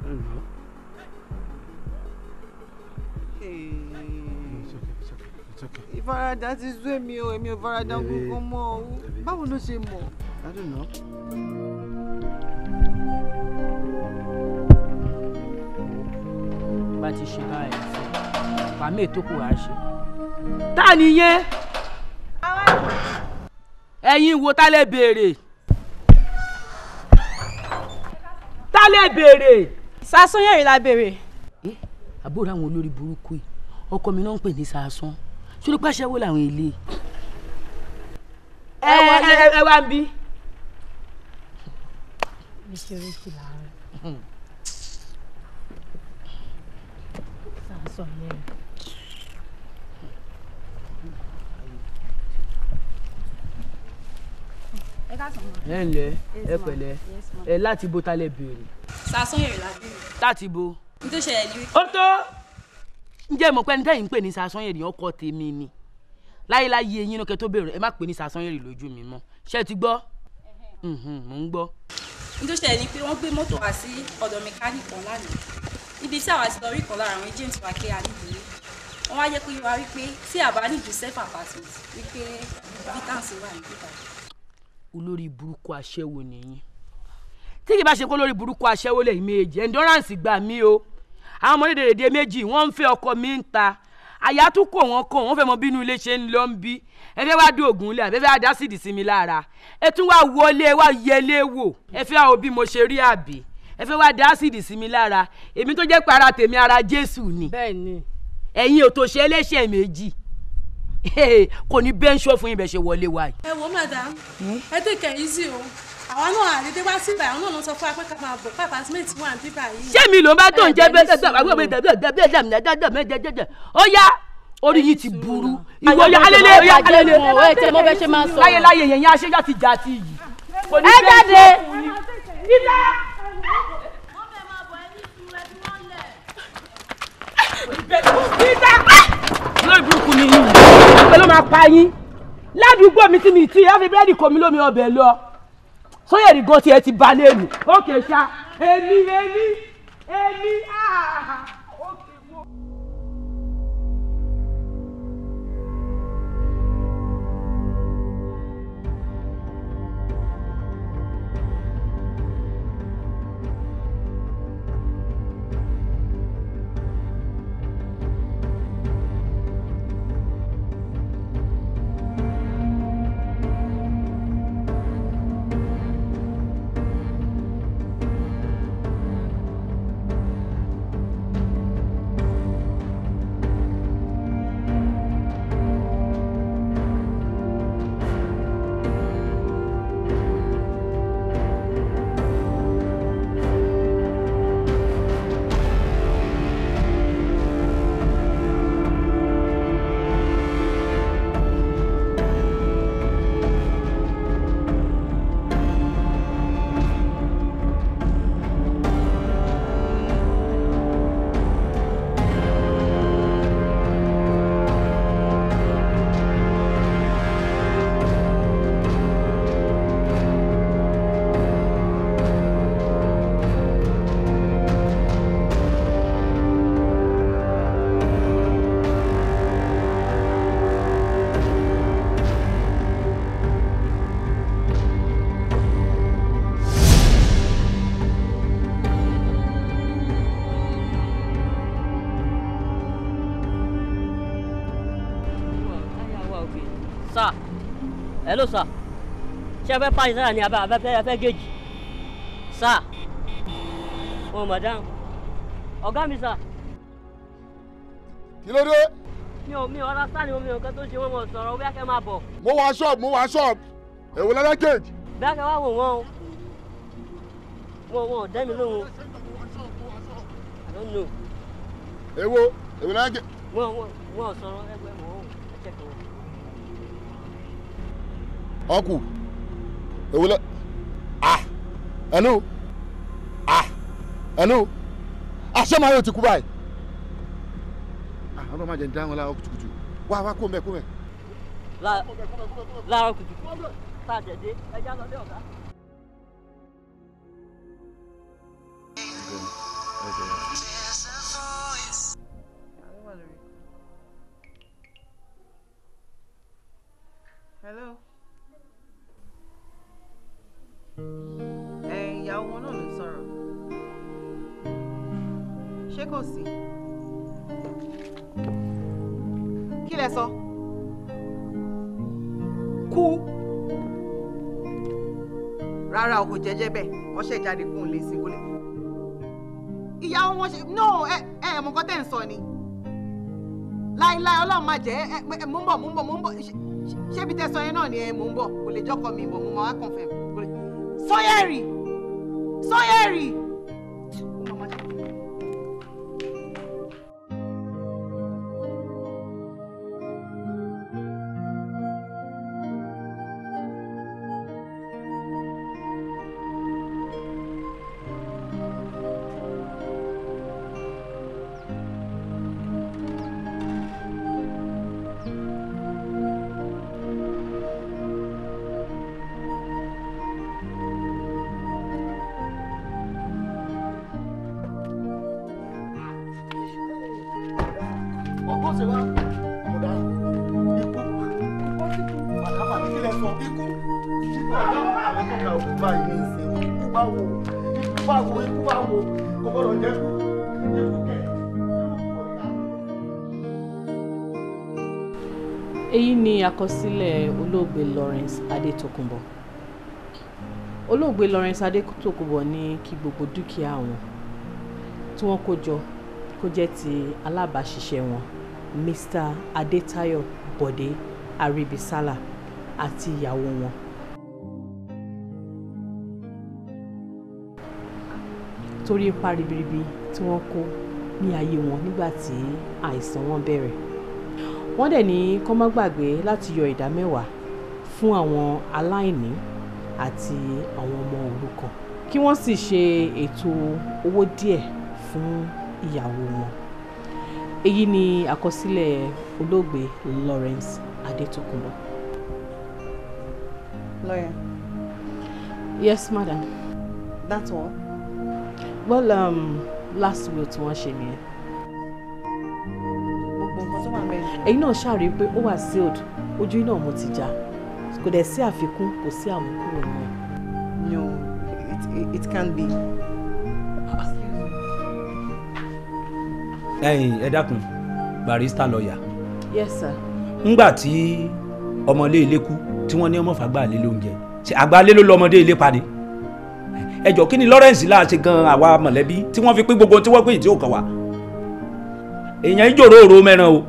[SPEAKER 6] don't know.
[SPEAKER 7] Hey. No, it's okay, it's okay, it's okay.
[SPEAKER 6] Ìfaradà ti sú èmi o, èmi ò faradà gbogbo mọ́ o. Báwo ló ṣe mọ̀? I don't know.
[SPEAKER 2] Bá ti ṣe báyìí, pàmì ètò kù wá ṣe. Tá nìyẹn? Ẹ̀yin wo tá lè béèrè? ta lè béèrè. sásán yẹ̀rì la béèrè. ẹ eh, àbúrò àwọn olórí burúkú yìí ọkọ mi náà ń pè ní sásán sórí pàṣẹ wo làwọn èlé.
[SPEAKER 4] ẹ ẹ ẹ wá ń bí. sásán yẹ̀rì. ẹ ǹlẹ́ ẹ pẹ̀lẹ́ ẹ
[SPEAKER 2] láti bo ta lẹ béèrè.
[SPEAKER 4] Sàsán Èrè la béèrè.
[SPEAKER 2] láti bo. n tó ṣẹlẹ̀ ní. ó tó ǹjẹ́ mọ̀ pé ẹni tẹ́yìn ń pè ní Sàsán Èrè ọkọ tèmi ni láyéláyé eyín lókè tó béèrè ẹ má pè ní Sàsán Èrè lójú mi mọ́ ṣé ẹ ti gbọ́ mò ń gbọ́.
[SPEAKER 4] n tó ṣẹlẹ̀ ni pé wọ́n gbé mọ́tò wá sí ọ̀dọ̀ mẹkáníìkì kan lánàá ibi tí àwa ti lọ rí kan lára àwọn James wákẹ́ adébíyé wọ́n wá yẹ kó yẹ wá wípé tí àbá nídùú sẹ́fà pàtó wípé vitamin wà ní kíkà
[SPEAKER 2] olórí burúkú aṣẹ́wó nìyí tí kì bá ṣe kó lórí burúkú aṣẹ́wó lẹ́yìn méjì endurance gbà mí o àwọn ọmọdé dèrèdè méjì wọ́n ń fẹ́ ọkọ mi ń ta àyà tún kò wọ́n kò wọ́n fẹ́ mọ bínú ilé ṣe ń lọ ń bí ẹ fẹ́ wá dé ògùn ilé àbẹ́fẹ́ adásìdì sí mi lára ẹ tún wá wọlé wá yẹlé wò ẹ fẹ́ àwọn bí mo ṣe rí àbí ẹ fẹ́ wá dásìdì sí mi lára èmi tó jẹ́ pé ara tèmi ara Jésù ni ẹ̀yin ò tó ṣe ẹlẹ́ṣẹ̀ méjì kò ní bẹ́ńṣù fún ibẹ̀ ṣe wọlé wa.
[SPEAKER 4] ẹ wo madam ẹ tẹ̀kẹ̀ easy o àwa náà àdédé wá sí báyìí àwọn náà ló sọ fún wa pé ká máa bọ̀ pápá smith wà ní báyìí. ṣé mi ló máa tó ń jẹ bẹ́ẹ̀ tẹ́tẹ́ àwọn ọmọ
[SPEAKER 2] ìdàgbẹ́ ìdàgbẹ́ ìdàgbẹ́ ìdàgbẹ́ ó yá orí yìí ti burú ìwọ ya alẹ́lẹ́ ya alẹ́lẹ́ ẹ tẹ mọ bẹ ṣe máa sọ. láyé láyé yẹn yẹn aṣẹ́jà ti jà ti yìí.
[SPEAKER 4] ẹ jáde ilé. ìdá
[SPEAKER 2] lórí burúkú ni yìí pé ló máa pa yín ládùúgbò mi tí mi ti yá fi búrẹ́dì kò mí lómi ọbẹ̀ lọ sóyè ní gan tiẹ̀ ti balẹ̀ mi. ó kè èmi èmi
[SPEAKER 4] èmi áà. Ah.
[SPEAKER 3] hello sir ṣé ẹ fẹ́ pàṣẹ sára ni abẹ́fẹ́ ẹ fẹ́ géèjì sir oh madam ọ̀gá mi sir. kí ló dé. mi ò mi ò rárá sáà ni mi ò kẹ́ tó ṣe wọ́n mọ̀ sọ̀rọ̀ bí akẹ́ máa bọ̀.
[SPEAKER 2] mo wá ṣọ́ọ̀bù mo wá ṣọ́ọ̀bù èwo lẹ́lẹ́ géèjì.
[SPEAKER 3] bí akẹ́ wá
[SPEAKER 4] wò wọ́n o wọn wọn ò dẹ́ mi lóhùn I don't know. èwo èwo lẹ́lẹ́ géèjì. wọn wọn
[SPEAKER 3] wọn sọ̀rọ̀ ẹ
[SPEAKER 2] ọkù ewúlẹ ah ẹnu ah ẹnu àṣẹ máa yóò ti kú báyìí. àwọn ọmọ àjẹjẹ àwọn làwọn kùtùkùtù wá wá kó mẹ kó mẹ. láàárọ̀ kùtùkùtù tá a jẹ̀dé ẹja lọ dé ọ̀gá.
[SPEAKER 6] Hello ẹ ìyàwó wọn náà ló sọ̀rọ̀ ṣé kò sí kí lẹ sọ kú rárá o kò jẹjẹ bẹ́ẹ̀ wọn ṣe jáde kún un lè sí kólé ìyàwó wọn ṣe no ẹ ẹ mọ nǹkan tẹ́ ń sọ ni láíláí Ọlọ́run má jẹ́ ẹ mò ń bọ̀ mò ń bọ̀ mò ń bọ̀ ṣébi tẹ́ sọ yẹn náà ni ẹ mò ń kò lè jọkọ mi bọ̀ mo máa wá kàn fẹ́ mi. fiery, fiery.
[SPEAKER 3] èyí ni àkọsílẹ̀ olóògbé Lawrence Adétòkùnbọ̀ olóògbé Lawrence Adétòkùnbọ̀ ní kí gbogbo dúkìá àwọn tí wọ́n kó jọ kó jẹ́ ti alábàáṣiṣẹ́ wọn Mr. Adétayọ̀ Bọ̀dé Arìbísálà àti ìyàwó wọn. torí ipa ribiribi tí wọ́n kó ní ayé wọn nígbà tí àìsàn wọn bẹ̀rẹ̀ wọ́n dẹ̀ ní kó má gbàgbé láti yọ ìdá mẹ́wàá fún àwọn aláìní àti àwọn ọmọ òrukàn kí wọ́n sì ṣe ètò owó díẹ̀ fún ìyàwó wọn èyí ni àkọsílẹ̀ olóògbé Lawrence Adétòkunbọ̀. Lawyer. Yes, madam. That's all. Well, um, last will tí wọ́n ṣe nìyẹn ẹ̀yin náà ṣàrí pé ó wà sealed ojú iná mo ti já kò dẹ̀ sí àfikún kò sí àmúkúrò mọ́. no it, it, it can't be.
[SPEAKER 2] ẹ̀yin ẹ dákun barista lọ́ọ̀yà. yes sir. ńgbà tí ọmọlé ilé kú tí wọ́n ní ọmọ fàgbà lé lóúnjẹ ṣe àgbálé ló lọ ọmọdé ilé padì ẹjọ kí ni Lawrence láà ṣe gan àwa mọ̀lẹ́bí tí wọ́n fi pín gbogbo tí wọ́n pín ìdí òkan wa èèyàn ìjòrò òru mẹ́ran o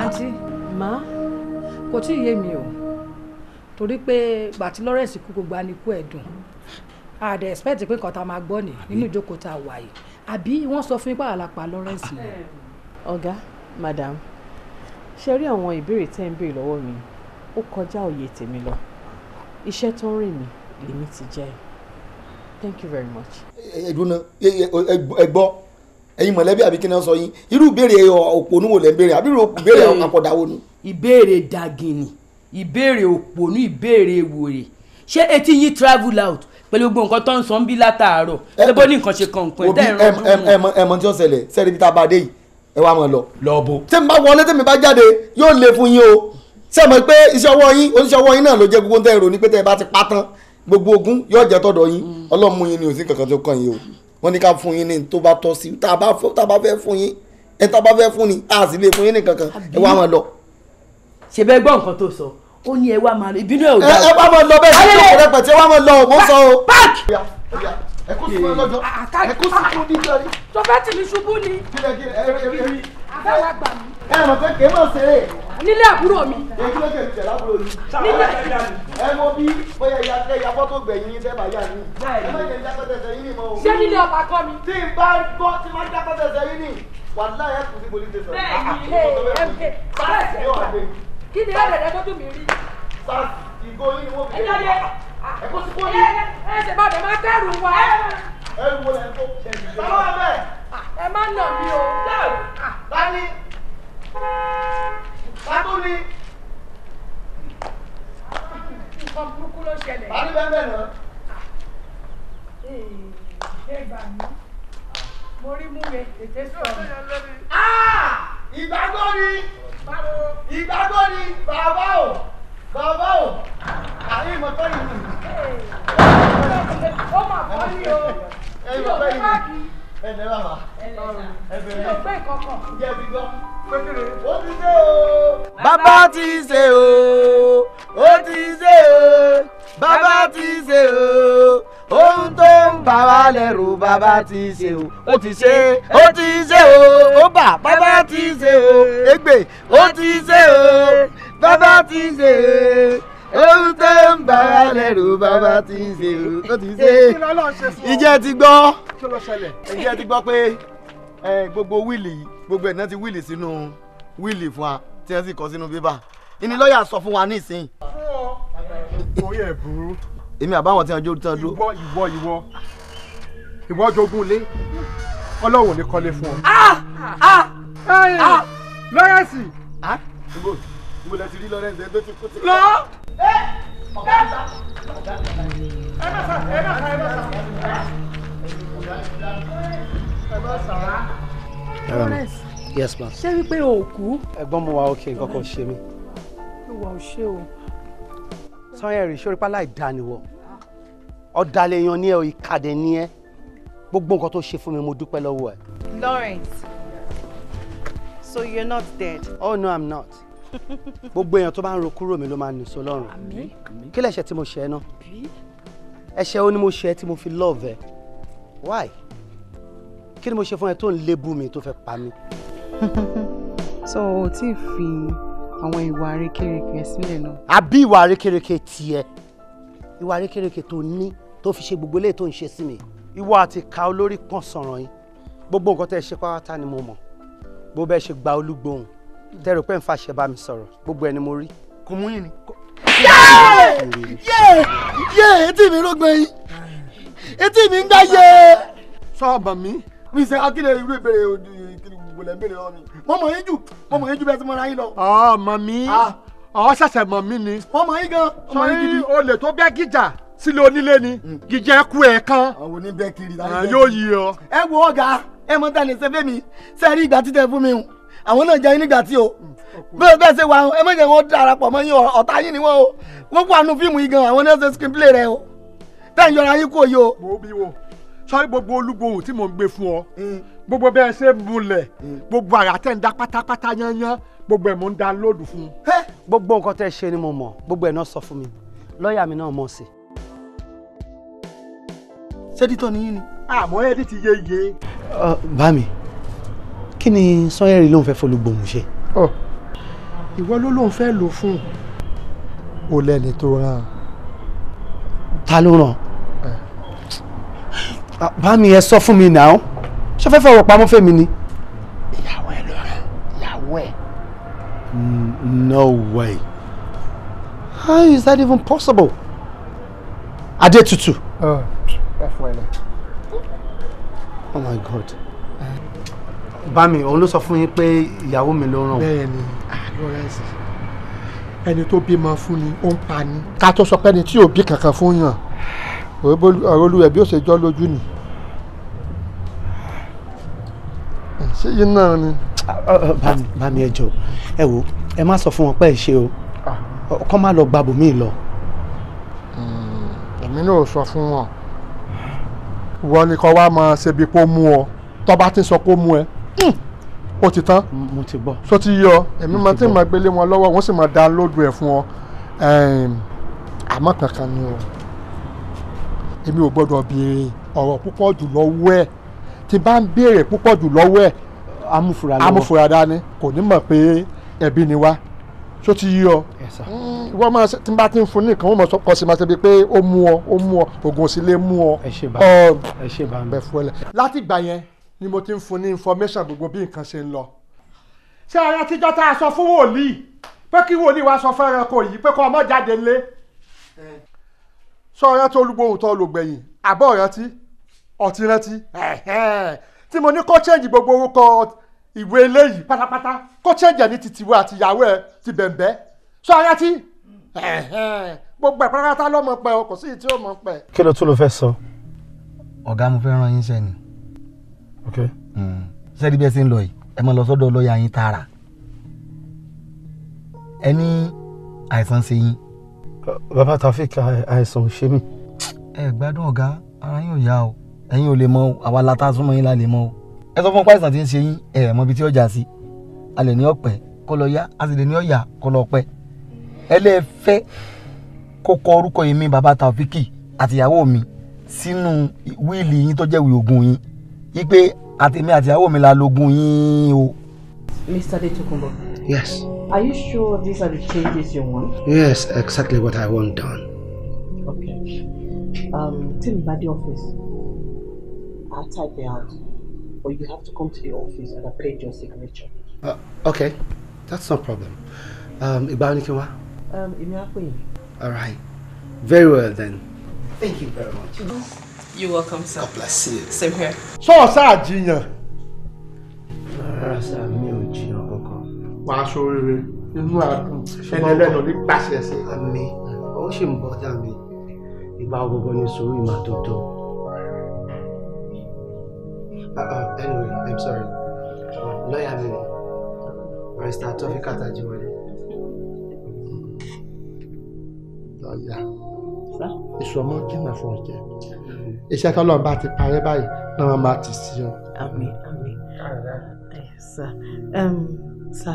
[SPEAKER 3] àǹtí má
[SPEAKER 4] kò tí ì yé mi o torí pé gbàtí Lawrence kú gbogbo àníkú ẹ̀dùn a dẹ̀ expect pé nǹkan tá a máa gbọ́ ni nínú ìjókòó tá a wà yìí àbí wọ́n sọ fún ipá àlàpà Lawrence ni.
[SPEAKER 3] ọ̀gá madam ṣe rí àwọn ìbéèrè tẹ́ ń béèrè lọ́wọ́ mi ó kọjá òye tèmi lọ iṣẹ́ tó ń rìn mí lèmi ti jẹ́ thank you very much.
[SPEAKER 2] ẹ ẹ dúró náà ẹ gbọ́ ẹ̀yin mọ̀lẹ́bí àbí kí ni wọ́n sọ yín irú ìbéèrè òpònú wo lẹ̀ ń béèrè àbí irú ìbéèrè àpọ̀dà wo ni. ìbéèrè dàgìnì ìbéèrè òpònú ìbéèrè wòrè ṣé etí yín travel out pẹ̀lú gbogbo nǹkan tó ń sọ ń bí látàárọ̀ ẹ bó ní nǹkan ṣe kàn pẹ́ dẹ́ ìrànlọ́wọ́. ẹ mọ ẹ mọ tí ó ṣẹlẹ̀ sẹ́ẹ̀rì bíi tá a bá dé yìí ẹ wá mọ̀ lọ. lọ bo. tẹ́mi bá wọlé tẹ́mi bá jáde yóò le fún yín o ṣé mọ̀ pé iṣẹ́ ọwọ́ yín oníṣẹ́ ọwọ́ yín náà ló jẹ́ gbogbo ń tẹ́ ìròyìn pé tẹ́ ẹ bá ti pa tán gbogbo ogun yóò jẹ́ tọ̀dọ̀ yín mm. ọlọ́mú yín ni ò sí kankan tó kàn yín o wọ́n ní ká fún yín ní tó bá tọ́ sí tá a bá fẹ́ fún yín ẹ tá a bá fẹ́ fún ni a sì lè fún yín ní ẹ wá máa lọ. ṣèbẹ́ gbọ́ nǹkan tó sọ ó ní ẹ wá máa lọ ìbínú ẹ ò dáa. ẹ wá máa lọ bẹ́ẹ̀ ní ọ̀pọ̀ rẹpẹtẹ ẹ wá máa lọ mo sọ o. park. ẹ kó sùn lọ́jọ́ ah, ah, ẹ kó fún nítorí. tó fẹ́ tì mí ṣubú ni. kílẹ̀ kílẹ̀ ẹ ẹ ẹ ẹ ẹ mọ̀ pé kèémọ̀ ṣeré nílé àbúrò mi. èyí ló kẹ̀ tẹ̀ lábúrò mi. nílé ẹ mọ bí bóyá ìyá tẹ ìyá fọ́tò gbẹ̀yìn tẹ́ bá yà mí. ẹ má jẹ́ ìdákọ̀tẹ̀sẹ̀ yín ni mo. ṣé nílé ọba kọ́ mi. tí n bá gbọ́ tí n bá dákọ̀tẹ̀sẹ̀ yín ni wàhálà ẹ̀ kù sí polisi sọ. bẹ́ẹ̀ ni ah, ah, kí ni ẹ̀rẹ̀ rẹ lójú mi rí. sars ìgò yín ni wọ́n fi dé. ẹ
[SPEAKER 4] ah,
[SPEAKER 1] kó sí pọ́lì. ẹ ẹ ṣe bá bẹ̀rẹ̀ máa kẹ́rù wa. ẹ wo lẹ kó. bàbá wa bẹ́ẹ̀. ẹ má nà mí o. báyìí
[SPEAKER 2] sátó ni.
[SPEAKER 4] nǹkan burúkú ló ṣẹlẹ̀. bá a ní bẹ́ẹ̀ bẹ́ẹ̀
[SPEAKER 2] náà.
[SPEAKER 1] ẹ gbà mí mo rí mú mi ètè sọ̀rọ̀. ìgbàgbọ́ ni
[SPEAKER 2] ìgbàgbọ́ ni bàbá o bàbá o àyè ìmọ̀tọ́ yìí nù.
[SPEAKER 4] ó mà bọ́ ní o kí ló fẹ́ bá
[SPEAKER 2] kí ẹ lẹ bàbá ẹ bẹ̀rẹ̀ ẹ bẹ̀rẹ̀ kankan jẹ bí gbọ́ pékeré ó ti ṣe o. bàbá ti ṣe o ó ti ṣe o bàbá ti ṣe o ohun tó ń bà wá lẹ́rù bàbá ti ṣe o ó ti ṣe ó ti ṣe o ó bà bàbá ti ṣe o égbè ó ti ṣe o bàbá ti ṣe ewu tẹ́ ń bára lẹ́rù bàbá ti ń ṣe o ti ṣe ìjẹ́ ti gbọ́ ìjẹ́ ti gbọ́ pé gbogbo wíìlì gbogbo ẹ̀ náà ti wíìlì sínú wíìlì fún wa tí wọ́n sì kọ́ sínú bébà ìní lọ́ọ̀yà sọ fún wa nísìnyí. orí ẹ̀ burú. èmi àbáwọn tí wọn jó tán dúró. ìwọ ìwọ ìwọ ìwọ jogún lé ọlọ́wọ̀n ní kọ́lé fún ọ. Ah! Ah! Ah! lọ́yẹ̀sì. ibo ibo lẹ ti rí lọ́rẹ́ǹsì ẹgbẹ́ ti kú ti. lọ́ọ́. Um, yes ma. ṣé wípé o kú. ẹ̀gbọ́n mo wà òkè nǹkan kan ṣe mí.
[SPEAKER 4] mo wà òṣè o.
[SPEAKER 2] sanyẹ̀rì ṣorípa láì dániwọ̀ ọ̀dàlẹ̀ èèyàn ni ẹ ò ìkàdé ni ẹ gbogbo nǹkan tó ṣe fún mi mo dúpẹ́ lọ́wọ́ ẹ.
[SPEAKER 6] Lawrence so you're not dead. oh no i'm not
[SPEAKER 2] gbogbo èèyàn tó bá ń ro kúrò mi ló máa nìṣó lọ́rùn kí lẹ̀ṣẹ̀ tí mo ṣe ẹ́ náà ẹ̀ṣẹ̀ ó ní mo ṣe ẹ́ tí mo fi love why kí ni mo ṣe fún ẹ tó ń lébù mi tó fẹ́ pa mí. so o ti fi àwọn ìwà àrékérekè sílẹ̀ náà. àbí ìwà àrékérekè tiẹ̀ ìwà àrékérekè tó ní tó fi ṣe gbogbo eléyìí tó ń ṣe sí mi ìwọ àti ka olórí kan sọ̀rọ̀ yín gbogbo nǹkan tẹ́ ṣe pátá ni mo mọ̀ bó bẹ́ẹ̀ ṣe gba olúgbòhùn tẹ́rù pé ń fa ṣẹ̀ bá mi sọ̀rọ̀ gbogbo ẹni mo rí. kò mú yín ni. yé yé etí mi ló gbẹ̀yìn etí mi ń gbá yé. sọ́ọ̀bà mi mi sẹ́ akílẹ̀ irú ìbéèrè òdì gbogbo lẹ́ ń béèrè lọ́wọ́ mi mo mọ̀ yín jù mo mọ̀ yín jù bẹ́ẹ̀ tí mo ra yín lọ. ọ mọ mi ọ ṣẹ̀ṣẹ̀ mọ mi ni. mo mọ̀ yín gan. sọ yín olè tó bẹ́ gíjà sílé onílé ni jíjẹ hmm. kú ẹ kan. àwọn oníbẹ̀ kiri. yóò yí ọ. ẹ wo ọ̀gá ẹ mọ tani ṣe mi sẹ́ẹ̀rí ìgbà títẹ̀ fún mi àwọn náà jẹ yín nígbà tí o bẹ́ẹ̀ bẹ́ẹ̀ ṣe wà ẹ mọ̀jẹ̀ wọn darapọ̀ mọ́ yín ọ̀tá yín ni wọ́n o wọ́n kó àánú fíìmù yìí gan àwọn náà ṣe screenplay rẹ o tẹ́ ń yọra yín kú òye o. mo bí wo sọ́rí gbogbo olúgbòhùn tí mò ń gbé fún ọ hmm. gbogbo bẹ́ẹ̀ ṣe múlẹ̀ hmm. gbogbo àrà tẹ́ ń dá pátápátá yányán gbogbo ẹ̀ mò ń da lóòdù fún. gbogbo nǹkan tẹ́ ṣe ni mo mọ̀ gbogbo ẹ̀ náà sọ fún mi lọ́ọ̀yà mi náà mọ̀ sí. ṣé dítọ́ ni yín ni. àmọ́ ẹ́dí ti yé bá mi kí ni sanyẹri ló ń fẹ́ fọlùgbòhùn ṣe. ọ ìwọ ló ló ń fẹ́ lò fún un ó lẹ́ni tó rán ta ló ràn eh. bá mi ẹ sọ fún mi náà ṣé fẹ́ fọwọ́ pamọ́ fẹ́mi ni. ìyàwó ẹ ló rán ìyàwó ẹ. no way how is that even possible. Adetutu. Oh, uh, oh my God bá mi òun ló sọ fún yín pé ìyàwó mi ló ràn. bẹ́ẹ̀ ni ah, Lawrence ẹni tó bímọ fún ni ó ń pa ni. ká tó sọ pé ẹni tí ò bí kankan fún yàn ọ̀rọ̀ olúwẹ̀ bí ó ṣe jọ́ lójú ni. ṣé yín náà ni. Ah, ah, bá mi ẹ jọ ẹ wo ẹ má sọ fún wọn pé ẹ ṣe o kọ́ má lọ gbàbọ̀ mí lọ. Hmm, èmi náà ò sọ fún wọn wọ́n ní kó wá máa ṣe bí kó mú ọ tó ti sọ kó mú ẹ ó ti tán mo ti gbọ́ sọ ti yọ èmi máa tí màá gbélé wọn lọ́wọ́ wọ́n sì máa download ẹ̀ fún ọ àmọ́ kankan ni o èmi ò gbọ́dọ̀ béèrè ọ̀rọ̀ púpọ̀ jù lọ́wọ́ ẹ̀ tí bá ń béèrè púpọ̀ jù lọ́wọ́ ẹ̀ amúfura dání kò ní mọ̀ pé ẹbí ni wá tó ti yí ọ mm, wọ́n máa tí n bá ti ń fún nìkan wọ́n mọ̀ kọ́ sí máa ṣe bíi pé ó mú ọ ó mú ọ oògùn òsì lè mú ọ ẹ ṣe bá mi bẹ fún ẹ lẹ láti yẹn ni mo ti ń fún ní information gbogbo bí nǹkan ṣe ń lọ. ṣé ara tíjọ́ tá a sọ fún wòlíì pé kí wòlíì wá sọ fún ẹranko yìí pé kó ọmọ jáde lé. sọ ọ̀rẹ́ tó olúgbòhùn tó olùgbẹ̀yìn àbọ̀ ọ̀rántí ọ̀tí tí mo ní kó change gbogbo orúkọ ìwé eléyìí pátápátá kó change ní tìtìwé àti ìyàwó ẹ ti bẹ̀m̀bẹ́ sọ ọ̀rántí gbogbo ẹ̀ pátápátá ló mọ̀ pẹ́ o kò sí ìtí ó mọ̀ pẹ́. kí ló tún lọ fẹ́ sọ ọ̀gá mo fẹ́ rán yín sẹ́ni
[SPEAKER 7] sẹ́ẹ̀dí
[SPEAKER 2] mm. bí ẹ ṣe ń lọ yìí ẹ máa lọ sọ́dọ̀ lọ́ọ̀yà yín tààrà ẹ ní àìsàn ṣe yín. bàbá Taofeek àìsàn ò ṣe mí. ẹ gbádùn ọ̀gá ara yín ò yá o ẹ̀yin ò lè mọ o àwa lata súnmọ́ yín la lè mọ o ẹ sọ fún pàìsàn tí ń ṣe yín ẹ mọ ibi tí ọjà sí a lè ní ọ̀pẹ kó lọ yá a sì lè ní ọ̀yà kó lọ pẹ́ ẹ lè fẹ́ kó kọ orúkọ yìí mi bàbá Taofeek àtìyàwó mi sínú wíìlì yín tó jẹ́ ìwé ògùn yín yí pé àtèmi àtìyàwó mi la lògùn yín o.
[SPEAKER 3] Mr. Detukumbo. Yes. Are you sure these are the changes you want?
[SPEAKER 2] Yes, exactly what I want done.
[SPEAKER 3] Okay. Um, tell me about the office. I'll type it out. Or you have to come to the office and I paid your signature.
[SPEAKER 2] Uh, okay, that's no problem. Um, Iba Nikiwa?
[SPEAKER 3] Um,
[SPEAKER 2] All right. Very well then. Thank you very
[SPEAKER 3] much. You're welcome, sir. God bless you. Same here.
[SPEAKER 2] Sọ ọ̀sá àjiyàn. Rárá sá, mi ò jiyàn kankan. Wà á ṣoríire inú àdùn ẹni ẹlẹ́nu "I'm pàṣẹ sí. Àmì ó ṣì ń bọ̀ ọjà mi. Ìgbà gbogbo ni sùúrù ìmọ̀ tó tó. Ah, ah, anyway, I'm sorry. Lọ́ọ̀yà mi ni. Barrister Tọ́fíkà Tajíwọlé. Lọ́ọ̀yà. Ìṣọ̀mọ́ jìnnà fún ọ̀jẹ̀ iṣẹ́ tọ́lọ́run bá ti parẹ́ báyìí náà wọ́n máa tì sí ọ. àmín
[SPEAKER 3] àmín sà sà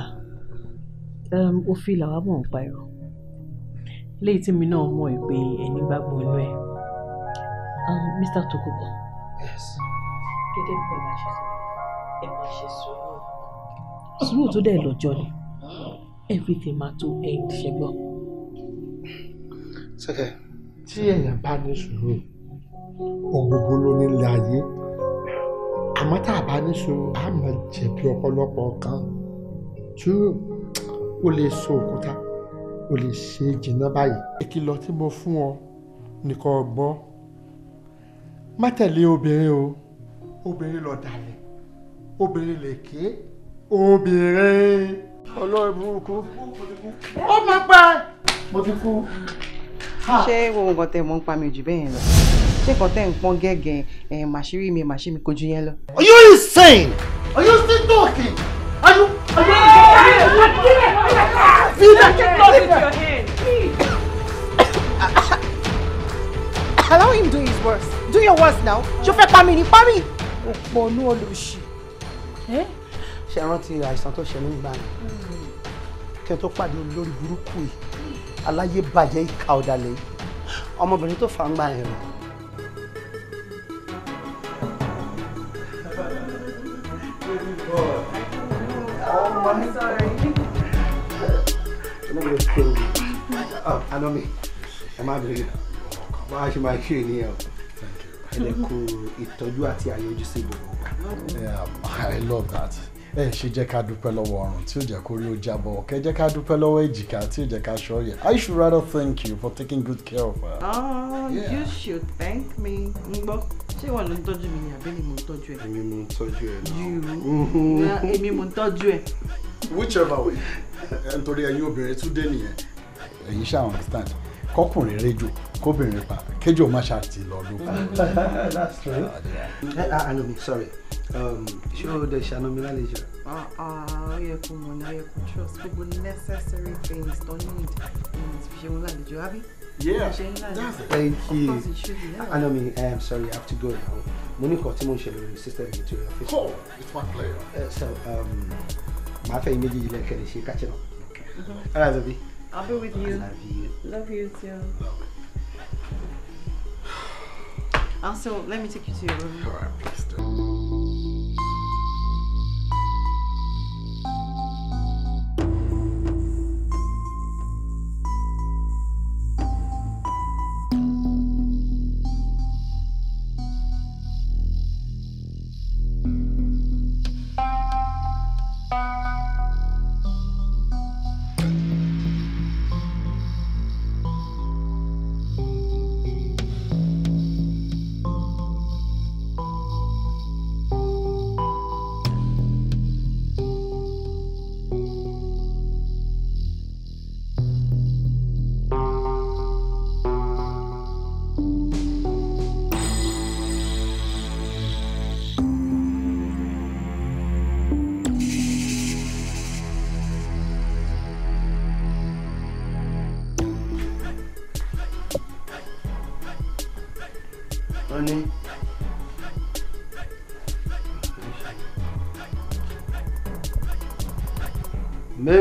[SPEAKER 3] ó fi làwọn mọ̀ ń pa ẹ̀rọ léyìí tí mi náà mọ̀ ẹ́ pé gbàgbọ́ inú ẹ̀ Mr. Um, Tokubo gẹ́gẹ́ bí bàbá ṣe sọ ẹ máa ṣe sùúrù. sùúrù tó dẹ̀ lọ́jọ́ ni everything máa tó end ṣẹgbọ́n.
[SPEAKER 2] sẹ́kẹ̀ tí èèyàn bá ní sùúrù ògbógbó ló nílé ayé àmọ́ tá a bá ní sùúrù a máa jẹ̀bi ọ̀pọ̀lọpọ̀ kan sùúrù ó lè so òkúta ó lè ṣe jìnnà báyìí. ìkìlọ̀ tí mo fún ọ nìkan gbọ́ má tẹ̀lé obìnrin o obìnrin lọ dalẹ̀ obìnrin lè ké obìnrin. olórí burúkú. ó máa pa mo ti kú.
[SPEAKER 6] ṣé gbogbo nǹkan tẹ̀ mọ́ ń pa mi jù bẹ́ẹ̀ lọ ṣé kàn tẹ́ ń pọ́n gẹ́gẹ́ ẹ̀ màṣírí mi màṣí mi kojú yẹn lọ. Are you insane?
[SPEAKER 1] Are you still talking? Are you? Are you? Fida! Fida!
[SPEAKER 6] Allow him do his worst. Do your worst now. Ṣo fẹ́ pa mi ni pa mi? Òpònú olùṣì.
[SPEAKER 2] Ṣé rántí àìsàn tó ṣe nígbà yẹn? Kí n tó pàdé olórí burúkú yìí, aláyé bàjẹ́ ìka ọ̀dàlẹ̀ yìí. Ọmọbìnrin tó fà ń gbà yẹn rẹ̀. I'm sorry. I'm going to go. Oh, I know me. I'm out of here. Why should my shoe here? Thank you. Ẹ̀kú ìtọ́jú àti I love that. Eh, she jẹ́ ká dúpẹ́ lọ́wọ́ ọrùn tí ó jẹ́ kó rí ó jábọ̀. Kẹ jẹ́ ká dúpẹ́ lọ́wọ́ èjìká tí ó jẹ́ ká ṣọ́ yẹ. I should rather thank you for taking good care of her.
[SPEAKER 6] Oh, yeah. you should thank me. Ngbọ́ ṣé wọn
[SPEAKER 2] ló ń tọ́jú mi ni àbẹ́ni mo ń tọ́jú ẹ. èmi mo ń tọ́jú ẹ náà. you mm-hmm. èmi mo ń tọ́jú ẹ. whichever way eh, nítorí ẹ̀yin obìnrin tún dé nìyẹn ẹ̀yin ṣáà understand kọkùnrin rẹjò kóbìnrin pa kéjò má ṣáà ti lọ ló pa. that's true. ẹ ah anomi eh, ah, sorry um, ṣé o dẹ̀ ṣànomi lálejò.
[SPEAKER 6] Ah, ah, ó yẹ kó mọ̀ ní ó yẹ kó trust gbogbo necessary things tó need. ìdí ṣe wọn lálejò àbí. yeah that's it thank you i know
[SPEAKER 2] me i'm um, sorry i have to go now mo ní nǹkan tí mo ń ṣe oh it's my pleasure. Uh, so um, my méjì yìí lẹ́kẹ̀ẹ́ lè ṣe catch up. Mm-hmm. all right baby.
[SPEAKER 3] i'll be with you. I love you. love you too. Love you.
[SPEAKER 6] Also, let me take you to your room. All right, please do. Música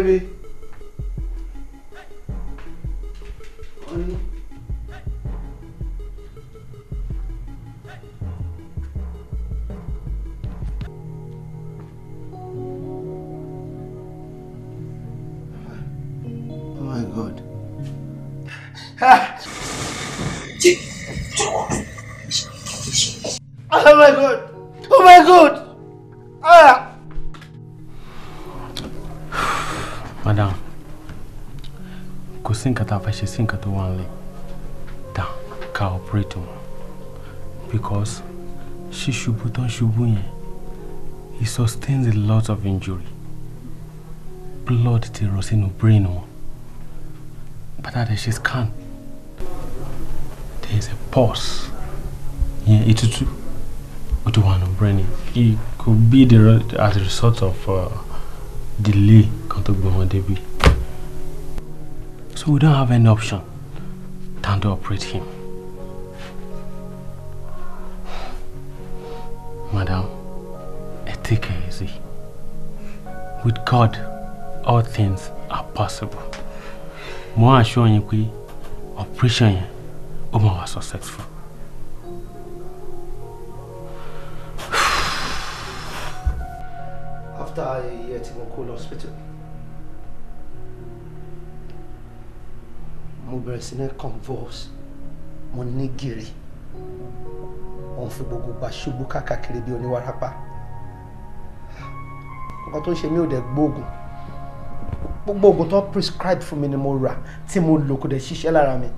[SPEAKER 2] baby. ṣubú he sustains a lot of injury blood ti rọ sínú brain But bàtà dẹ̀ ṣe scan there is a pause. pulse yẹn ètùtù ó ti wà nù brain it could be the, as a result of uh, delay kan tó gbé wọn so we don't have any option than to operate him. with God all things are possible mo assure yín pé operation yẹn ó máa wá successful. after a year to mo kó lọ hospital mo bẹ̀rẹ̀ sí ní convulse mo ní gìrì òun fi gbogbo gbà ṣubú káàkiri bí oníwàrápá nǹkan tó ń ṣe mí ò dẹ̀ gbóògùn gbogbo oògùn tó prescribe fún mi ni mo rà tí mo lò kò dẹ̀ ṣiṣẹ́ lára mi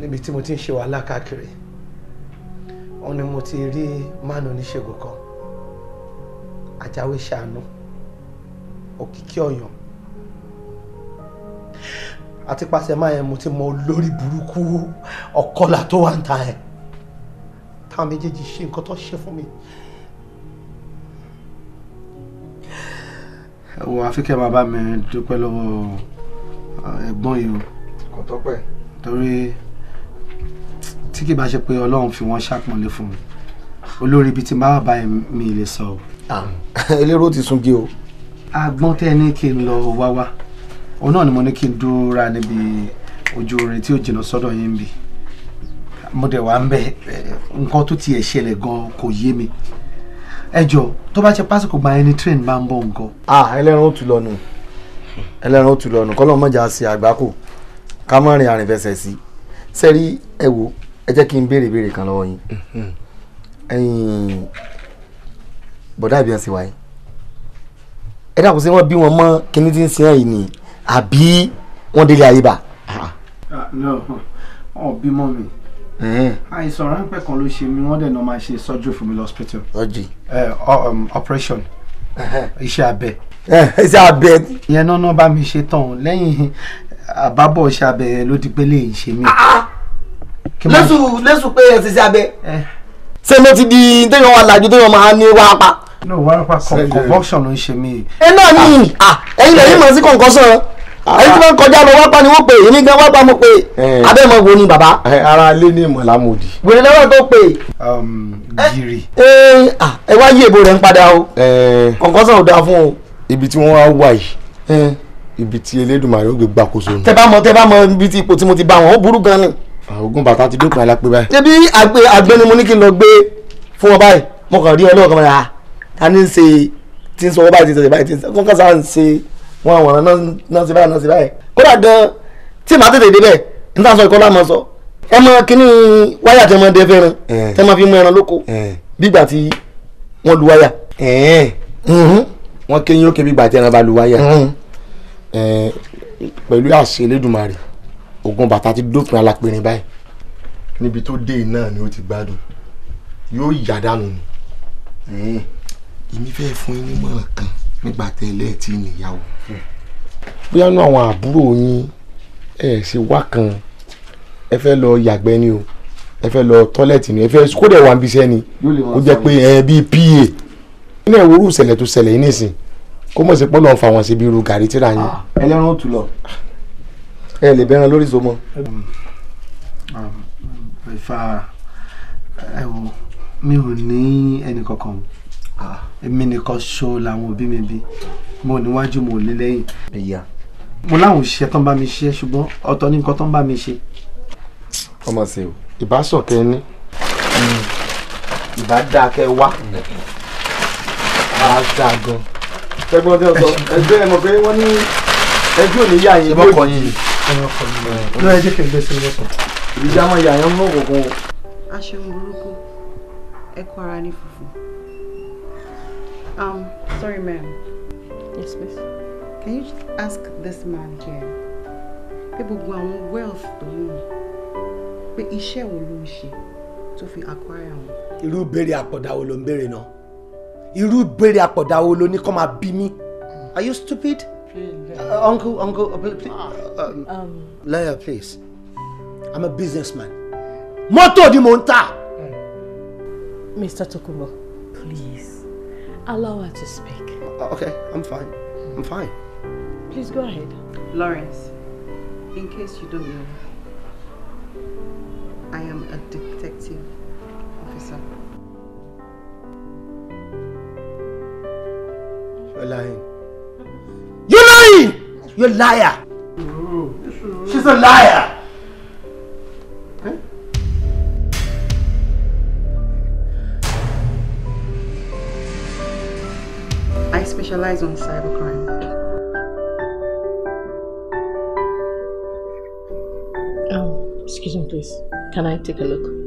[SPEAKER 2] níbi tí mo ti ń ṣe wàhálà káàkiri wọn ni mo ti rí mánu oníṣègùn kan ajáwé ṣàánú òkìkí ọ̀yàn àti pàṣẹ máa yẹn mo ti mọ olórí burúkú ọ̀kọlà tó wà ń ta ẹ̀ táwọn méjèèjì ṣe nǹkan tó ṣe fún mi ẹwọ àfikẹ́ máa bá mi dúpẹ́ lọ́wọ́ ẹ̀gbọ́n yìí o. kò tọ́pẹ́. torí tí kì bá ṣe pé ọlọ́run fi wọ́n ṣàpọ́nlé fún mi olórí ibi tí máa bá mi lè sọ o. elérò ti sún gé o. agbọ́n tẹ́ ní kí n lọ wá wá òun náà ni mo ní kí n dúró níbi ojú orin tí ó jìnnà sọ́dọ̀ yín bì mo dẹ̀ wá ń bẹ̀ nǹkan tó tiẹ̀ ṣẹlẹ̀ gan kò yé mi ẹ jọ tó bá ṣe pásìkò gba ẹni train máa ń bọ̀ nǹkan. a ẹlẹ́ran ó tu lọ́nu ẹlẹ́ran ó tu lọ́nu kọ́lọ́ mọ́jà ṣe àgbákò ká mọ́ rin àrìnfẹsẹ̀ sí sẹ́rí ẹ wo ẹ jẹ́ kí n béèrè béèrè kan lọ́wọ́ yín ẹ̀yin bọ̀dá ìbí ọ̀sẹ̀ wáyé ẹ dàkú sí wọn bí wọn mọ kíní tí ń sin ẹ̀yìn ni àbí wọn délé ayé bá. Ah, ọ bímọ mi àìsàn ráńpẹ́ kan ló ṣe mí wọ́n dẹ̀ náà máa ṣe sọ́jú fún mi lọ́sítẹ́tì. ọjì Eh, um, operation iṣẹ́ abẹ. iṣẹ́ abẹ. ìyẹn náà náà bá mi ṣe tán lẹ́yìn àbábọ̀ iṣẹ́ abẹ yẹn ló di pé lè ṣe mí. lẹ́sùn ah, ah. lẹ́sùn pé ẹ ti ṣe abẹ. Eh. ṣé ló ti di téèyàn wà lájú téèyàn máa ní wá pa. no wàá pa convulsion ló ń ṣe mí. ẹ náà ní ẹyin lè yí mọ̀ sí convulsion ẹni tí wọ́n kọjá lọ wápá ni wọ́n pè èmi gan wápá mo pè eh. abẹ́mọ̀ wo ni bàbá. Eh, ara lé ní ìmọ̀lá mòdì. wèrè lọ́wọ́ tó pè. jìrì. Um, eh, ẹ wá yí èbó rẹ̀ ń padà o kọ̀ǹkọ́ sọ̀rọ̀ dáa fún o. ibi tí wọ́n wá wà yìí ibi tí Elédùmarè ó gbé gbàkóso ni. tẹ bá ibi tí ipò tí mo ti bá wọn ó burú gan ni. ogun bàtà ti dópin alápè báyìí. ṣebí àgbẹ̀ àgbẹ̀ ni mo ní kí n lọ gbé fún wọn báyìí mo kàn rí ọlọ́ọ̀kan mọ́ra ta ni ń ṣe tí ń sọ wọ́n báyìí ti ń sọ báyìí ti sọ kọ́ńkà sáà ń ṣe wọn àwòrán náà sí báyìí náà sí báyìí kódà gan tí màá tètè débẹ̀ n ta sọ ìkọlá mọ sọ ẹ mọ kíní wáyà tẹ mọ dé fẹ́ràn tẹ mọ fi mú ẹran lóko bígbà tí wọn lu wáyà. wọn kéyìn ó ké bígbà tí ẹran bá lu wáyà pẹ̀lú àṣẹ Elédùmarè ogun bàtà ti dópin alápẹ̀rin báyìí níbi tó dé náà ni ó ti gbádùn yóò yà dànù ni èmi fẹ́ fún yín nímọ̀ràn kan nígbà tẹ́lẹ̀ tí níyàwó. bóyá nínú àwọn àbúrò yín ẹ ṣe wá kan ẹ fẹ́ lọ yàgbẹ́ ni o ẹ fẹ́ lọ tọ́lẹ̀tì ni ẹ fẹ́ kó dẹ̀ wà níbi iṣẹ́ ni ó jẹ́ pé ẹ bíi pa nínú ẹ̀wọ̀ orú ìṣẹ̀lẹ̀ tó ṣẹlẹ̀ yín nísìn kó mọ̀ sí pọ́n lọ́n fa wọn síbi irú gàrí tíra yín. Ah, ẹlẹ́ran ò tù lọ. ẹ lè bẹ́ran lórí ìsomọ. ìfà um, um, ẹ̀wọ̀ mi ò ní ẹnì kankan o èmi nìkan ṣo làwọn òbí mi bí mo níwájú mo lé lẹ́yìn. ẹ̀yà. mo láwọn òṣìṣẹ́ tó ń bá mi ṣe ṣùgbọ́n ọ̀tọ̀ ní nǹkan tó ń bá mi ṣe. ọmọ ṣe o ìbásọ̀kẹ́ ẹni ìbá dáa kẹ́ wá àá dáa gan. ẹgbẹ́ ọdẹ ọ̀sán ẹgbẹ́ ẹ mọ̀ pé wọ́n ní ẹjọ́ ò ní yá yín lóko yín.
[SPEAKER 7] ló ẹ jẹ́ kí n gbé sí lọ́sàn.
[SPEAKER 2] ìdíjà máa yà yín mọ́ òkùnkùn.
[SPEAKER 6] aṣọ burúkú ẹ̀kọ́ ara ní funfun. Um, sorry, ma'am. Yes, miss. Can you ask this man here? People gbogbo àwọn wealth tó ń yìn, pé iṣẹ́ wo ló ń ṣe fi acquire wọn?
[SPEAKER 1] Irú ìbéèrè àpọ̀dà wo ló
[SPEAKER 2] Bury no. He will bury àpọ̀dà wo ló ní kó máa bí mí? Are you stupid? Uh, uncle, uncle, uh, please, uh, um, um, lawyer, please. I'm a businessman. Mọ́tò di mò Mr. Tokunbo, please. Allow her to speak. Oh, okay, I'm fine. I'm fine.
[SPEAKER 6] Please go ahead. Lawrence, in case you don't know, I am a detective officer.
[SPEAKER 1] You're lying. You're lying! You're a liar! She's a liar!
[SPEAKER 6] specialize on cybercrime.
[SPEAKER 3] Oh, excuse me, please. Can I take a look?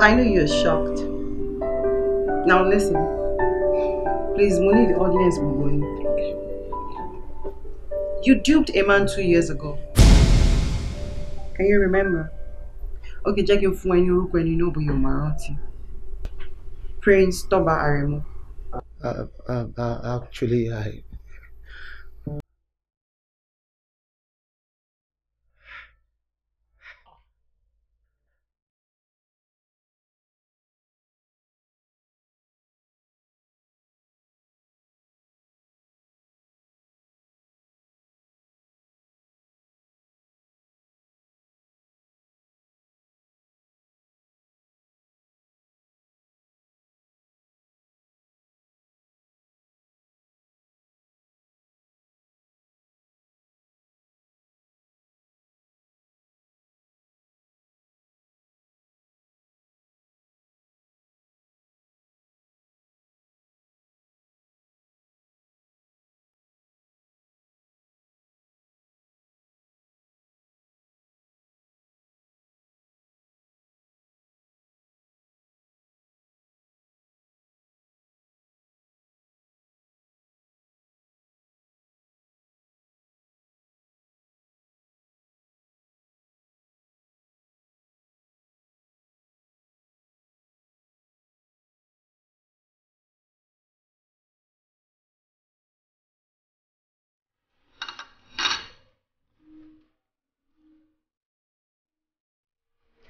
[SPEAKER 6] I know you're shocked. Now listen. Please, money the audience will go You duped a man two years ago. Can you remember? Okay, Jackie, when you look when you know, but you're Marathi. experience to ba, are mo?
[SPEAKER 7] Uh, uh, uh, actually, I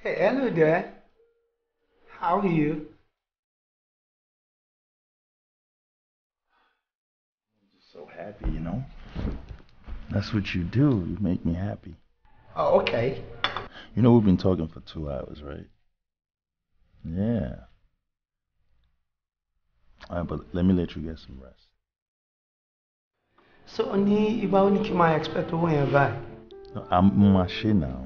[SPEAKER 7] Hey, hello there. How are you?
[SPEAKER 5] I'm just so happy, you know. That's what you do. You make me happy.
[SPEAKER 2] Oh, okay.
[SPEAKER 5] You know, we've been talking for two hours, right? Yeah. All right, but let me let you get some rest.
[SPEAKER 2] So, Oni, Iba Oni Kima expect to win
[SPEAKER 5] I'm machine now.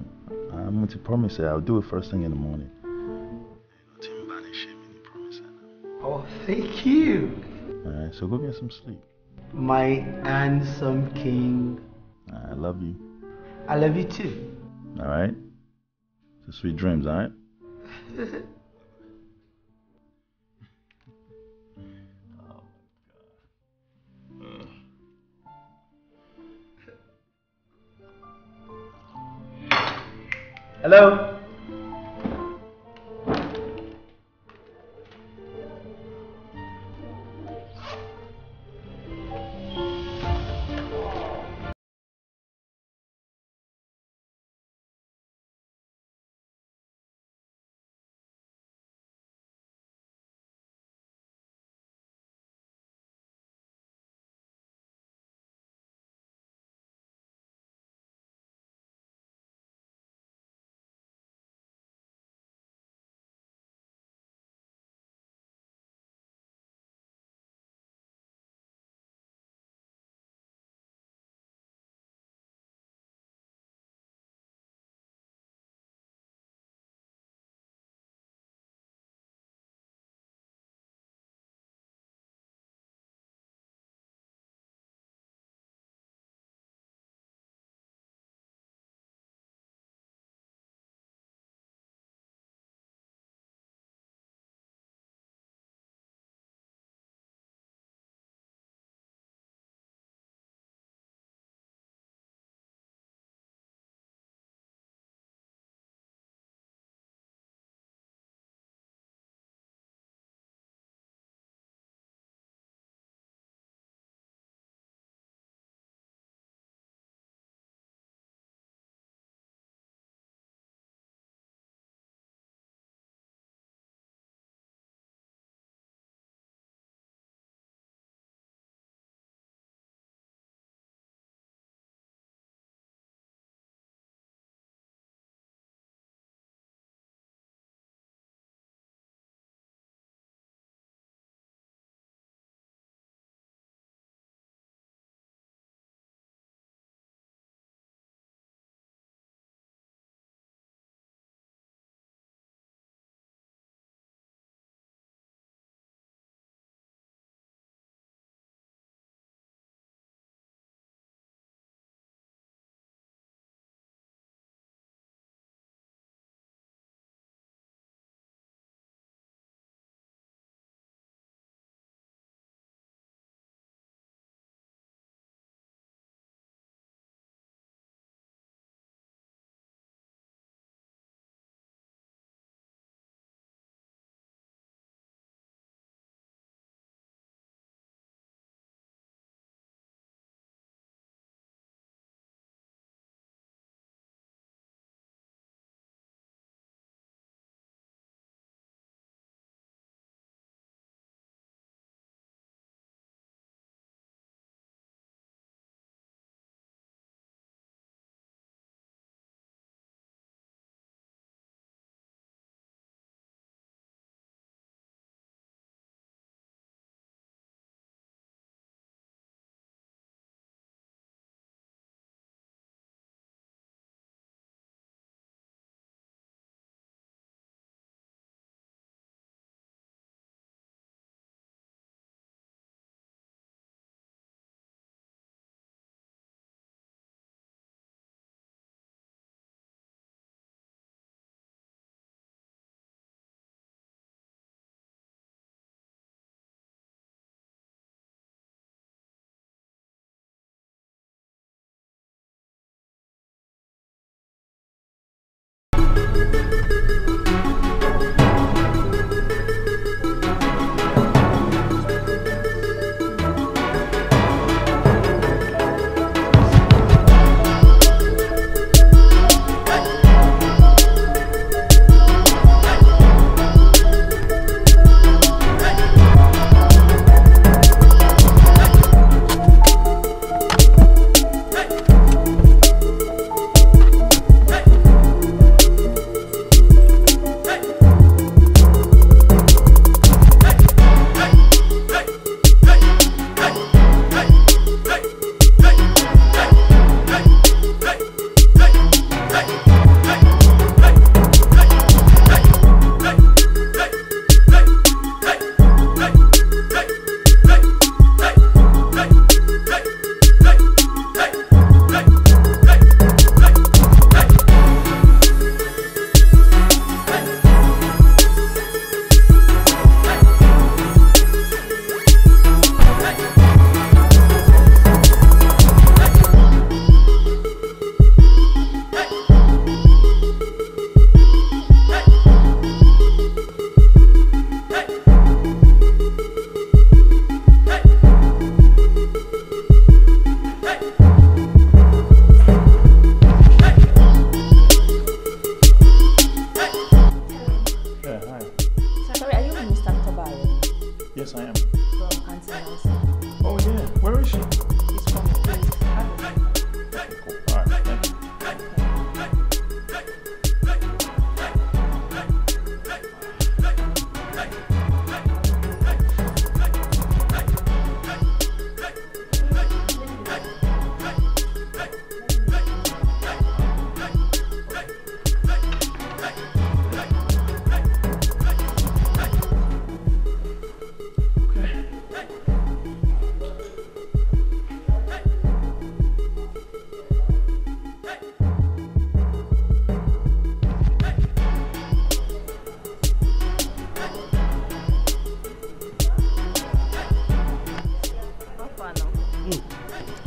[SPEAKER 5] I'm going to promise eh? I'll do it first thing in the morning. Oh, thank you. Alright, so go get some sleep.
[SPEAKER 2] My handsome king. I love you. I love you too.
[SPEAKER 5] Alright? So sweet dreams, alright? Hello?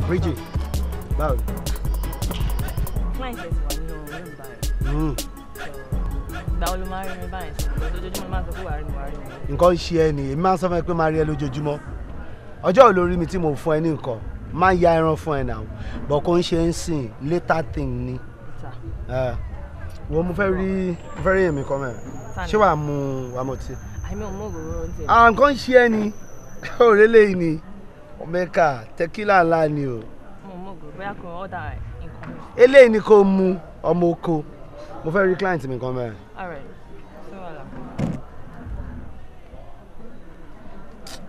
[SPEAKER 2] Bridget, báwo.
[SPEAKER 5] Client ẹ̀ ti wà nínú ọ̀rẹ́ mi báyìí. Ìgbà wo ló máa rí mi báyìí sí? Lójoojúmọ́ ló
[SPEAKER 2] ṣe ẹ nìyí, èmi máa ń sọ fún ẹ pé máa rí ẹ lójoojúmọ́. Ọjọ́ ò lórí mi tí mo fún ẹ ní nǹkan, máa ya ẹran fún ẹ náà. Bọ̀ kó ń ṣe ń sìn later thing ni. Wo mo fẹ́ rí mo fẹ́ rí èmi kan mẹ́rin. Ṣé wàá mu wàá mọ̀ tí?
[SPEAKER 5] Àìmọ̀ mọ̀ òwúrọ̀ ń tẹ̀.
[SPEAKER 2] ṣe ẹ ni, òrèlè ni. Omeka, tekila nla ni o. eléyìí ni kò mu ọmọ oko mo fẹ́ rí client mi kan mẹ́rin.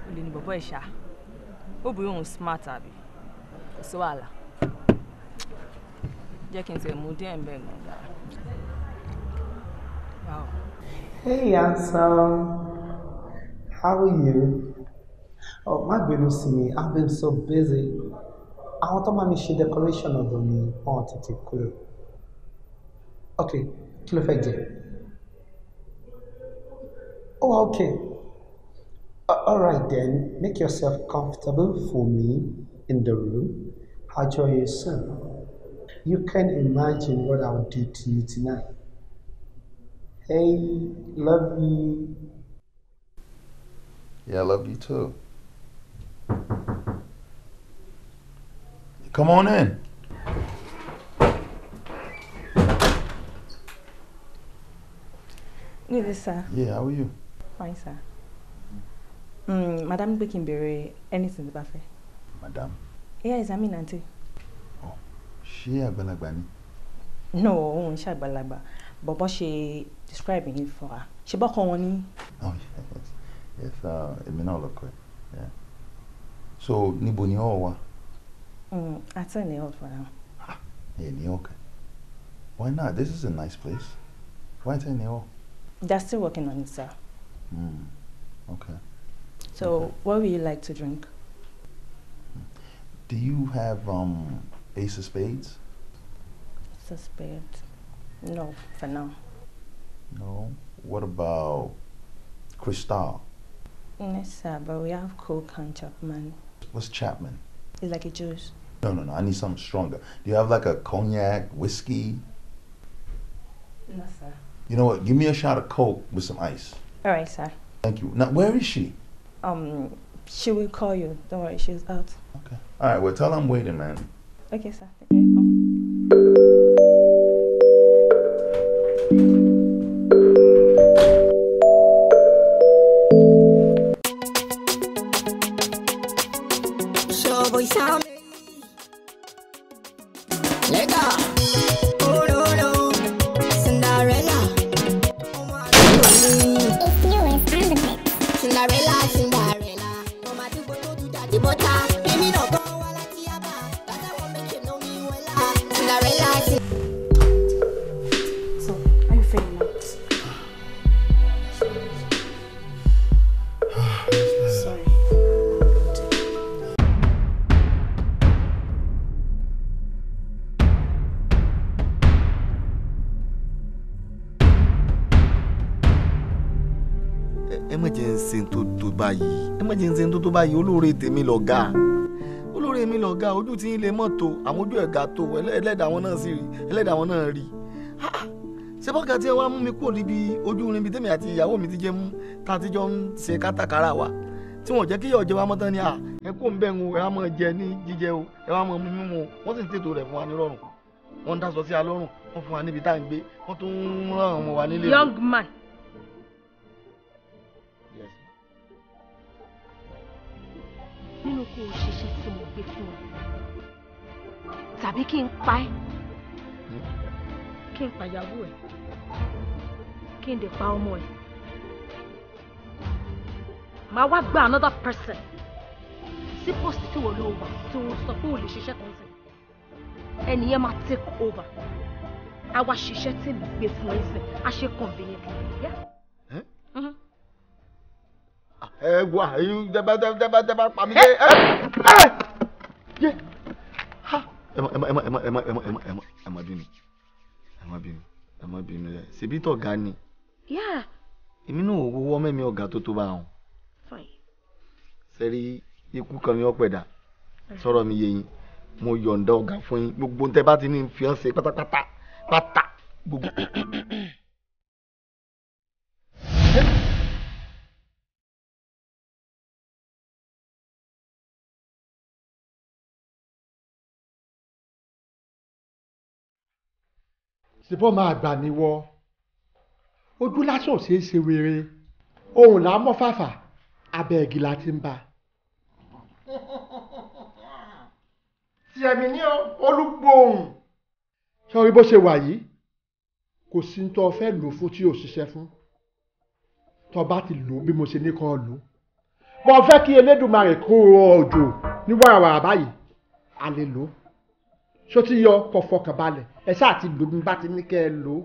[SPEAKER 5] olè ní bọ̀bọ̀ ìṣá ó smart àbí sí wàhálà jẹ́ kí n mú díẹ̀ bẹ́ẹ̀
[SPEAKER 3] How are you? Oh, my
[SPEAKER 2] goodness see me. I've been so busy I want tó make mi decoration of ni wọn tètè to ok kí ló fẹ́ jẹ oh, ok uh, all right then make yourself comfortable for me in the room I'll join you soon you can imagine what I'll do to you tonight hey
[SPEAKER 5] love you yeah I love you too. Come on in. Good sir. Yeah, how are you? Fine, sir. Mm, Madam pé kí n béèrè anything bá fẹ́. Madam? Yes, I mean auntie. Oh, ṣé àgbàlagbà ni? No, òun ṣe àgbàlagbà. Bọ̀bọ́ she describing it for her. She bọ́kọ wọn ni? Oh, yes. Yes, Uh, èmi náà lọkọ ẹ̀. so níbo ni ọ̀ wà. àti ní ọ̀ for now. ẹ̀ ní ọ̀kẹ́ why not this is a nice place why ten ní ọ̀. they're still working on it sir. Mm. okay. so okay. what would you like to drink. do you have um, ace of spades. ace of spades no for now. no what about. Crystal. Yes, sir, but we have Coke and Chapman. What's Chapman? It's like a juice. No, no, no. I need something stronger. Do you have like a cognac, whiskey? No, sir. You know what? Give me a shot of Coke with some ice. All right, sir. Thank you. Now, where is she? Um, she will call you. Don't worry, she's out. Okay. All right, well, tell her I'm waiting, man. Okay, sir.
[SPEAKER 2] olóore tèmi lọ̀gá olóore mi lọ̀gá ojú tí ń lè mọ́tò àwọn ojú ẹ̀gá tó ẹlẹ́dàá wọn náà sì rí ẹlẹ́dàá wọn náà rí ṣé bọ́ọ̀kà tí ẹ wá mú mi kúrò níbi ojú irin bíi tèmi àti ìyàwó mi ti jẹ́ mú tá a ti jọ ń ṣe kátàkárà wa tí wọn jẹ́ kí ìyá ọ̀jẹ̀ wa mọ́ tán ni ẹ kó ń bẹ̀ ń ẹ wá mọ́ jẹ ní jíjẹ o ẹ wá mọ́ mímú o wọ́n sì ń tètò rẹ̀ fún wa ní rọrùn wọ́n ń dáṣọ sí alọ́rùn wọ́n fún wa níbi tá à ń gbé wọ́n tún ń ràn wọ́n wá nílé. young
[SPEAKER 4] man nínú kó o ṣiṣẹ́ tí mo gbé fún ọ tàbí kí n pa ẹ́ kí n pàyàwó ẹ̀ kí n dè pa ọmọ ẹ̀ màá wá gba another person sí post tí wọ́n lò wà tí wọ́n sọ pé wọ́n lè ṣiṣẹ́ kan sí ẹni máa take over àwa ṣiṣẹ́ tí mi gbé fún ẹ sẹ́ a ṣe convenient. Yeah? Huh? Mm-hmm
[SPEAKER 2] ẹ wo àyín dẹbàdẹbàdẹbà pa mí dé. ẹ má ẹ má ẹ má ẹ má ẹ má ẹ má ẹ má ẹ má bínú ẹ má bínú ẹ má bínú ẹ ṣèbí tọ̀gá ni. èmi náà ò wọ́ mẹ́mi ọ̀gá tó tó bá wọn. sẹ́rí ikú kan ni ó pẹ̀dà sọ̀rọ̀ mi yẹ yín mo yọ̀ǹda ọ̀gá fún yín gbogbo ntẹ́ bá ti ní fi hàn
[SPEAKER 7] ṣe pátápátá pátá gbogbo. síbọ̀ máa gbà níwọ ojú lásán ò ṣeé ṣe
[SPEAKER 2] wéré ohun làá mọ́ fàfà abẹ́ igi la ti ń bá. ti ẹ̀mí ní olúgbòhùn. sọ́rí bó ṣe wà yìí kò sí ní tó o fẹ́ lò fún tí o ṣiṣẹ́ fún tó o bá ti lò bí mo ṣe ní kan lò bó o fẹ́ kí Elédùmarè kó o òjò ní wàràwàrà báyìí a lè lò ó ṣó ti yọ kọ fọkàn balẹ̀ ẹ ṣáà ti lòun bá ti ní kẹ́ ẹ lò ó.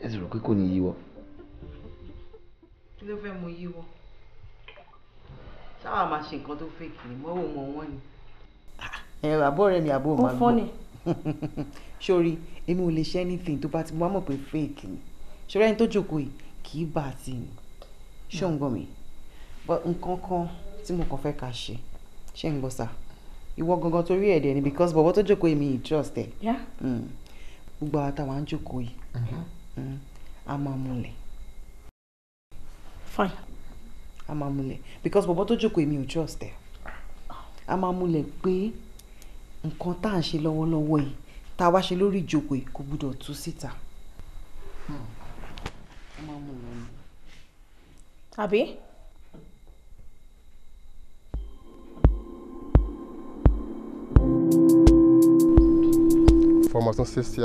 [SPEAKER 2] ẹ sì pé kò ní yíwọ.
[SPEAKER 6] kí ló fẹ́ mo yíwọ ṣáà máa ṣe nǹkan tó fẹ́ kì í mọ́wò mọ́ wọn ni. ẹ àbọ̀ rẹ mi àbọ̀ máa ń bọ̀ sórí èmi ò lè ṣe anything tó bá ti wá mọ̀ pé fake ni sórí ẹni tó jókòó yìí kì í bá a ti ni mi but nǹkan kan. Mm tí mo kàn fẹ́ ká ṣe ṣé ń gbọ́ sà ìwọ gangan torí ẹ̀dẹ̀ ni because bọ̀bọ̀ tó jókòó èmi yìí trust ẹ̀ hmm. gbogbo àwọn táwọn á jókòó yìí mm-hmm. hmm. a máa múlẹ̀ fine a máa múlẹ̀ because bọ̀bọ̀ tó jókòó èmi ò trust ẹ̀ a máa múlẹ̀ pé nǹkan tá à ń ṣe lọ́wọ́lọ́wọ́ yìí tá a wá ṣe lórí ìjókòó yìí kò gbúdọ̀ tú síta hmm.
[SPEAKER 4] àbí.
[SPEAKER 2] information says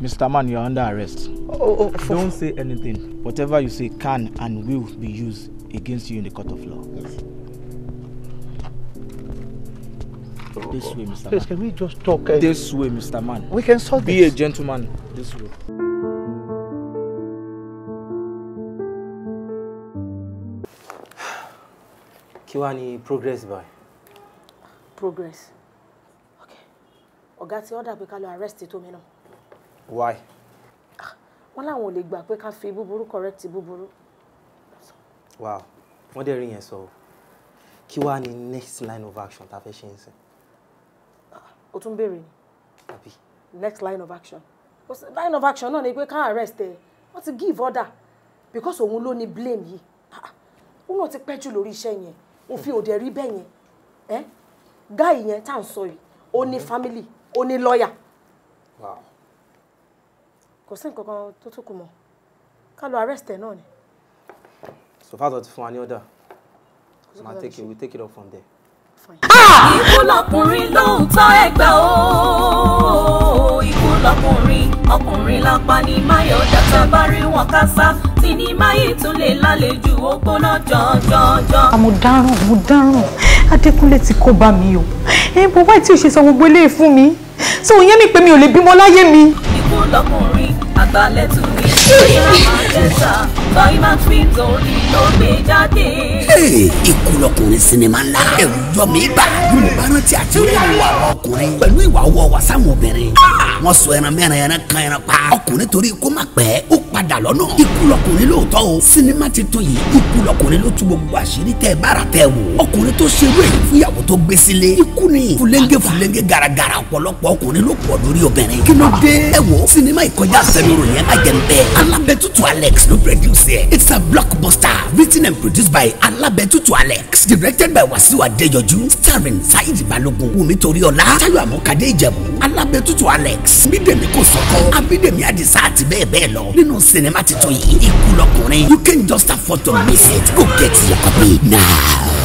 [SPEAKER 2] Mr. Man, you're under arrest. Oh oh, oh, oh, Don't say anything. Whatever you say can and will be used against you in the court of law. Yes.
[SPEAKER 7] This way, Mr. Please, Man. can we just talk? Uh, this way,
[SPEAKER 2] Mr. Man. We can solve Be this. Be a gentleman. This way. Kí progress boy.
[SPEAKER 4] Progress ọ̀gá ti order pé ká lọ arrest Tómi náà. why. Ah, wọ́n láwọn ò lè gbà pé ká fi búburú correct búburú.
[SPEAKER 2] wow wọ́n dẹ̀ rí yẹn sọ kí wàá ní next line of action tá a fẹ́ ṣe ń sìn.
[SPEAKER 4] o tún béèrè ni. next line of action ah, line of action náà ni pé ká arrest ẹ wọ́n ti give order because òun ló ní blame yìí ah, òun náà ti pẹ́jù lórí iṣẹ́ yẹn òfin òde rí bẹ́ẹ̀ yẹn gáì yẹn tá à ń sọ yìí ó ní mhm. family ó ní lọ́ọ̀yà kò sí nǹkan kan tó tún kù mọ́ ká lọ arrest ẹ̀ náà ni. so far tó ti fún wa ní order ma take it we take it up from there.
[SPEAKER 3] ikú lọkùnrin ló tọ́ ẹgbẹ́ o ikú lọkùnrin ọkùnrin lápá ní máyọ̀dá tábárí wọn kásá tí ní máyé tún lè lálejò ó gbóná jọjọjọ. mo dáràn mo dáràn. Adékúnlé ti kó bá mi o ẹ bọ wáì tí o ṣe sọ gbogbo eléyìí fún mi so ìyẹn mi pé mi ò lè bímọ láyé mi. ikú lọkùnrin àgbálẹ̀ tún ní ìyá àjẹsà. Bàrímà twins orí ló gbé jáde.
[SPEAKER 1] ìkúlọkùnrin sinimá ńlá ẹ̀rù yọ mí bá. bí mo bá rántí àti rí àwọn àwọn ọkùnrin pẹ̀lú ìwà ọwọ́ wa sáwọn obìnrin. Ah, wọ́n sọ ẹran mẹ́rin ẹran kan ẹran pa. ọkùnrin torí kó má pẹ́ ó padà lọ́nà. ìkúlọkùnrin lóòótọ́ o sinimá ti tó yìí ìkúlọkùnrin ló tú gbogbo àṣírí tẹ bára tẹ wò. ọkùnrin tó ṣerú èyí fúyàwó tó gbé sílé. ikú ni fúlẹ́ńgẹ́ fúlẹ́ńgẹ́ garagara ọ̀pọ̀lọpọ̀ ọkùnrin ló pọ̀ lórí obìnrin. kí Alex ló produce tiẹ̀. it's a blockbuster written and produced by alábẹ́tutù alex directed by wasiu adeyanju starring saheed balogun wumi toriola tayo amokade ìjẹ̀bú alábẹ́tutù alex bídèmí kò sọ́kọ́ abídèmí adisa àti bẹ́ẹ̀ bẹ́ẹ̀ lọ nínú sinimá titun yìí ikú lọkùnrin you can just afford to miss it go get your copy now.